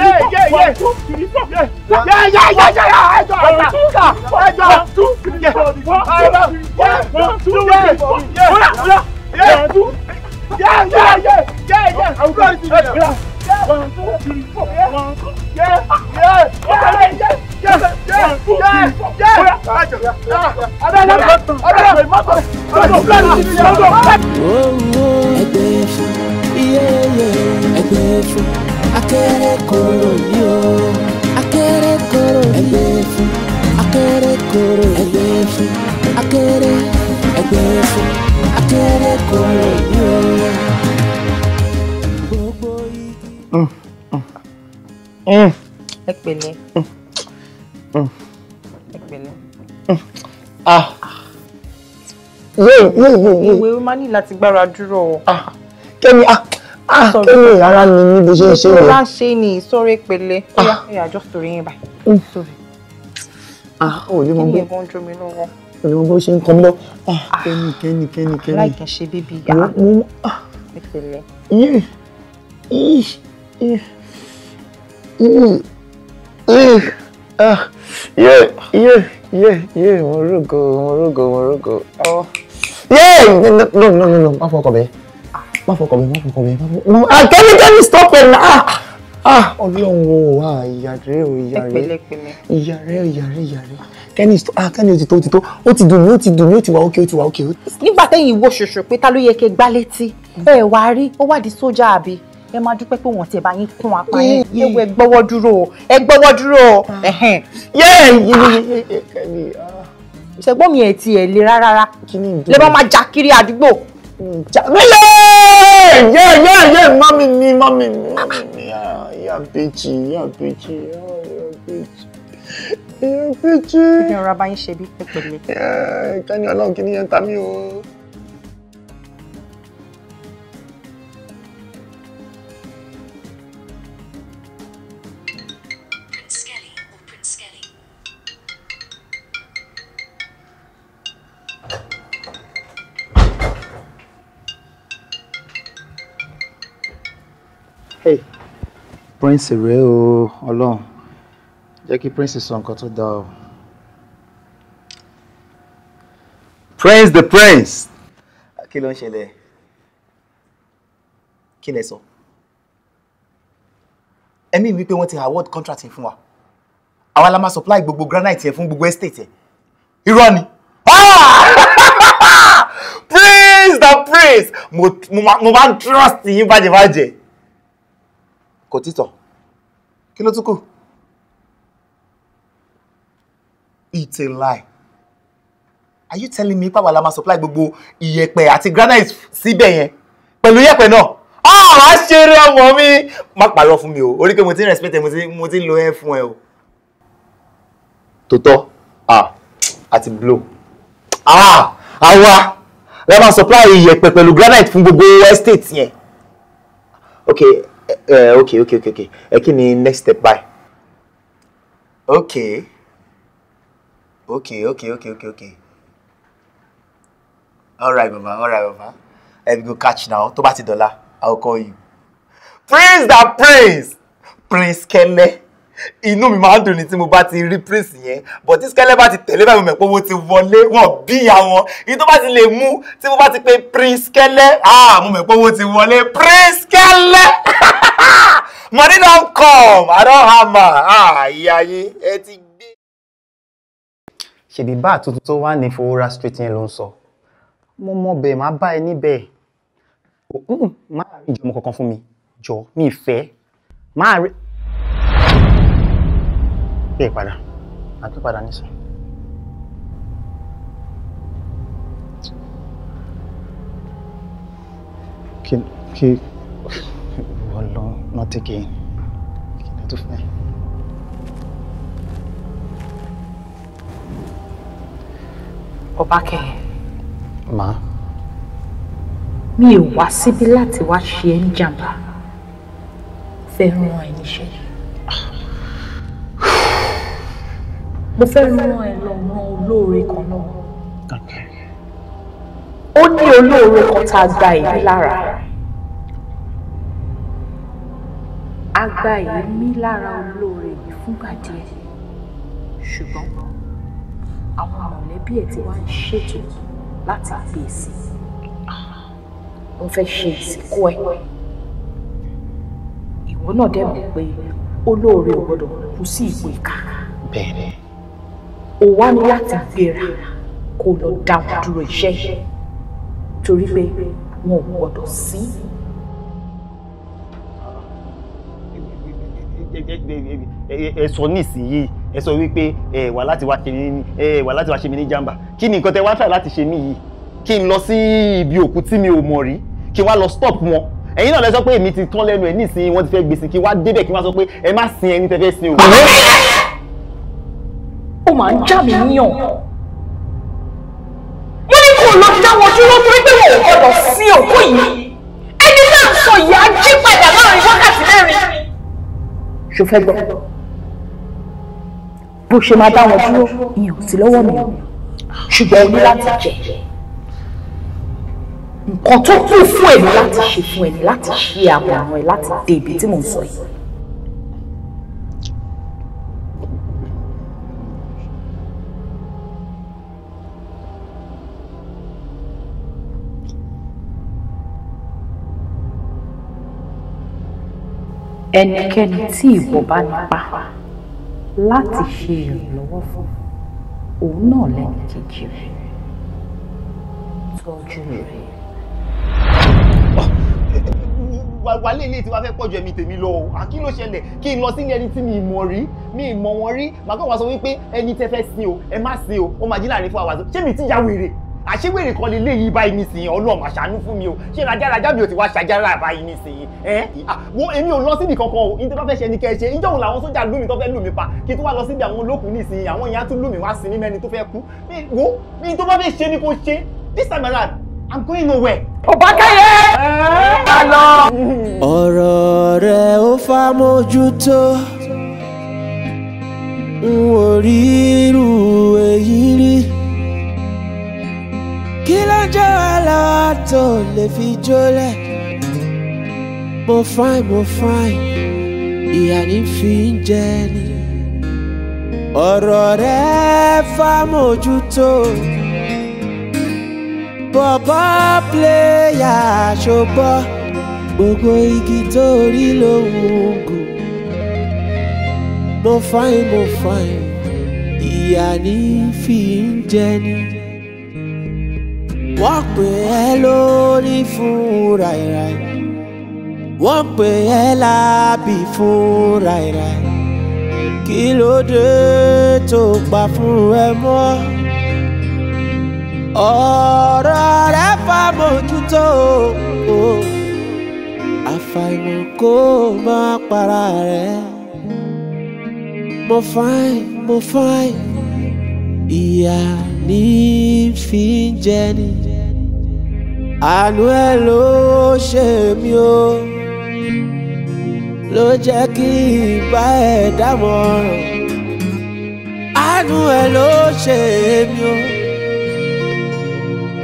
Oh, oh, ẹgbẹ́ fún, ẹgbẹ́ fún. Akérèkọ́rọ́ ni o Akérèkọ́rọ́ ẹgbẹ́ fún Akérèkọ́rọ́ ẹgbẹ́ fún akéré ẹgbẹ́ fún Akérèkọ́rọ́ ni o. ẹ pẹ̀lẹ́ ẹ pẹ̀lẹ́. ah wo wo wo. ìwé o máa ní láti gbára dúró o. Ah. kẹ́mi ah sọ̀rọ̀ ara mi ní bó ṣe ń ṣe rẹ̀. bá ṣe ni ìsọ̀rọ̀ ìpele bóyá ẹ̀yà àjọ sórí yín báyìí. Mm. Ah, ò ní mọ bó kí ni ẹ̀gbọ́n jó mi lọ́wọ́. ò ní mọ bó ṣe ń kọ́ mi lọ. kẹ́ni kẹ́ni kẹ́ni kẹ́ni. aláìkẹ́ ṣe bíbí ìyá ìpele. Yeah, yeah, yeah, yeah, mo rúgò, mo rúgò, mo rúgò. Oh. Yeah, no, no, no, no, má fọkàn bẹ́ẹ̀. Ma fọkàn mi má fọkàn mi má fọkàn mi ah kẹ́mi kẹ́mi stop ẹ̀ náà ah, ah ọlọ́run o ah ìyá rẹ o oh, oh, ìyá rẹ ìyá rẹ ìyá rẹ ìyá rẹ kẹ́ni ah kẹ́ni o ti tó o ti tó o ti dùn mí o ti dùn mí o ti wà ókè o ti wà ókè. nígbà tẹ́yìn wo ṣoṣo pé ta ló yẹ kí gbá létí ẹ wàá rí ó wádìí sójà àbí ẹ máa dúpẹ́ pé wọ́n ti bá yín kún apá yín ewu ẹ gbọ́wọ́ dúró o ẹ gbọ́wọ́ dúró o. ṣẹgbọ́n mi ẹ̀ tiẹ̀ le rárá lè má máa jà kiri àdúgbò. Jamile! Yeah, yeah, yeah, mommy me, mommy me, mommy me. Yeah, yeah, bitchy, yeah, bitchy, yeah, bitchy. Yeah, bitchy. Ìyọ̀rọ̀ abáyín ṣe bí pẹ̀lú. Ìkànnì ọlọ́run kì í ní yẹn ta mí o. prince rèé o ọlọ́run jẹ́ kí prince sọ nǹkan tó dáa o. prince the prince. kí ló ń ṣẹlẹ̀ kí lẹ sọ ẹ̀mí mi pé wọ́n ti award contract yẹn fún wa àwa la máa supply gbogbo granite yẹn fún gbogbo estate yẹn irọ́ ni. praise the praise mo máa trust yín bàjẹ́ bàjẹ́ kò títọ̀ kí ló tún it's a lie are you telling me pàwọn la máa supply gbogbo ìyẹ̀pẹ̀ àti granite síbẹ̀ yẹn pẹ̀lú ìyẹ̀pẹ̀ náà ọ̀rọ̀ ah, ṣeré ọmọ mi má pàrọ̀ fún mi o orí pé mo ti ń respect ẹ mo ti ń lo ẹ fún ẹ o. tòótọ́ àti ah, blow ah, àwa la máa supply ìyẹ̀pẹ̀ pẹ̀lú granite fún gbogbo estate yẹn. okay ẹ eh, eh, ok ok ok ok ẹ eh, kí ni next step báyìí. ok ok ok ok ok ok alright baba alright baba ẹ bí go catch now tó bá ti dọ̀la i will call you praise the praise praise kẹlẹ inú mi máa ń dùn ní tí mo bá ti rí praise yẹn but tí skẹ́lẹ́ bá ti tẹ̀lé báyìí mẹ́pọ̀ mo ti wọlé wọn bí àwọn èyí tó bá ti lè mú tí mo bá ti pe prince skẹ́lẹ́ ah mo mẹ́pọ̀ mo ti wọlé prince skẹ́lẹ́ money don come i don hammer ah ìyá yín ẹ ti gbé. ṣèbí bá àtúntò tó wà ní fowóra street yẹn ló ń sọ mo mọ bẹ́ẹ̀ má bá ẹ níbẹ̀ mm, má rí ìjọmọ kankan fún mi jọ mi fẹ́ má rí pè padà à ń pè padà nísìn. kí kí wọ́n lọ nọ́ọ̀tì kí kí ló tún fẹ́. Ọbákẹ́. Má. Mi ò wá síbí láti wá ṣe é ń jàǹbá. Fẹ́ràn ẹni mo fẹ́ rán ẹ lọ ran olóore kan náà ó ní olóore kan tá a gba èmi lára a gba èmi lára olóore yìí fúngbà díẹ̀ ṣùgbọ́n àwọn mọ̀lẹ́bí ẹ̀ ti wá ń ṣètò láti gbé e sí wọ́n fẹ́ ṣe ìsìnkú ẹ̀ ìwọ náà dẹ̀ mọ̀ pé olóore ò gbọ́dọ̀ kú sí ipò ìkà. bẹ́ẹ̀ ni o wá ní láti gbéra kó lọ dá wọn dúró iṣẹ́ torí pé wọn ò gbọdọ̀ sí. ẹ sọ nísìnyìí ẹ sọ wípé ẹ wà láti wá ṣe mí ẹ wà láti wá ṣe mí ní jàǹbá kí ni nǹkan tẹ wá fẹ́ láti ṣe mí yìí kí n lọ sí ibi òkú tí mi ò mọ̀ rí kí n wá lọ stop wọn ẹ̀yin náà lẹ sọ pé èmi ti tán lẹ́nu ẹ̀ nísìnyí wọ́n ti fẹ́ gbèsè kí n wá débẹ̀ kí n wá sọ pé ẹ má sin ẹni tẹ fẹ́ sin o máa ń já mi níyàn. mo ní kó lọ dá wọn dúró torí pé wọn ò gbọdọ̀ sí òkú yìí ẹni tá sọ ìyá jí padà láàrin wákàtí mẹ́rin. ṣó fẹ́ gbọ́ bó ṣe máa dá wọn dúró ìyẹn sí lọ́wọ́ mi ṣùgbọ́n o ní láti jẹ nǹkan tó kù fún ẹ̀mí láti ṣe fún ẹ̀mí láti ṣe àwọn ọ̀ràn ẹ̀ láti dé ibi tí mò ń sọ yìí. ẹnikẹ́ni tí ìwọ bá nípa láti ṣe ìrànlọ́wọ́ fún òun náà lẹ́nu kejì rẹ̀ tọ́jú rẹ̀. wàhálà ilé tí wàá fẹ́ pọ̀jù ẹ̀mí tèmi lọ o kí ló ṣẹlẹ̀ kí n lọ sílé ẹni tí mi mọ̀ rí mi mọ̀ wọn rí màá kàn wá sọ wípé ẹni tẹ́ fẹ́ sin o ẹ má sin o ó máa jí láàrin fún àwàzọ ṣé mi ti ya wèrè àṣewèrè kan lélẹ́ yìí báyìí nísìnyí ọlọ́run àṣàánú fún mi o ṣé rajaraja mi ò ti wá ṣàjára báyìí nísìnyí ẹ èmi ò lọ síbi kankan o nítorí wọ́n fẹ́ ṣe ni kẹ́ ẹ òun làwọn sójà lù mí tó fẹ́ lù mí pa kí tó wá lọ síbi àwọn olókùn nísìnyí àwọn èèyàn tún lù mí wá sí ní mẹ́ni tó fẹ́ kú wo mi tó bá fẹ́ ṣe ni kò ṣe this time around i'm going nowhere. ọba káyé. ọ̀rọ̀ rẹ̀ ó fà mójútó n ò rí irú èyí rí kí ló jẹ́ wàhálà tó lè fi jólẹ̀. mo fine mo fine ìyá ní fi ń jẹ ni. ọ̀rọ̀ rẹ̀ fámójútó. bọ̀bọ̀ pléyà ṣọ́bọ̀ gbogbo igi tó rí lòun gùn. mo fine mo fine ìyá ní fi ń jẹ ni wọ́n pè ẹ́ lórí fún ràìràì wọ́n pè ẹ́ lábì fún ràìràì kí ló dé tó gbà fún ẹ mọ́ ọ̀rọ̀ rẹ fa mojútó o àfàìmọ̀ kó má para rẹ mo fáìn mo fáìn ìyá ní fi ń jẹ ni àánú ẹ ló ṣe mí o ló jẹ́ kí ìbá ẹ dámọ̀ràn àánú ẹ ló ṣe mí o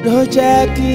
ló jẹ́ kí.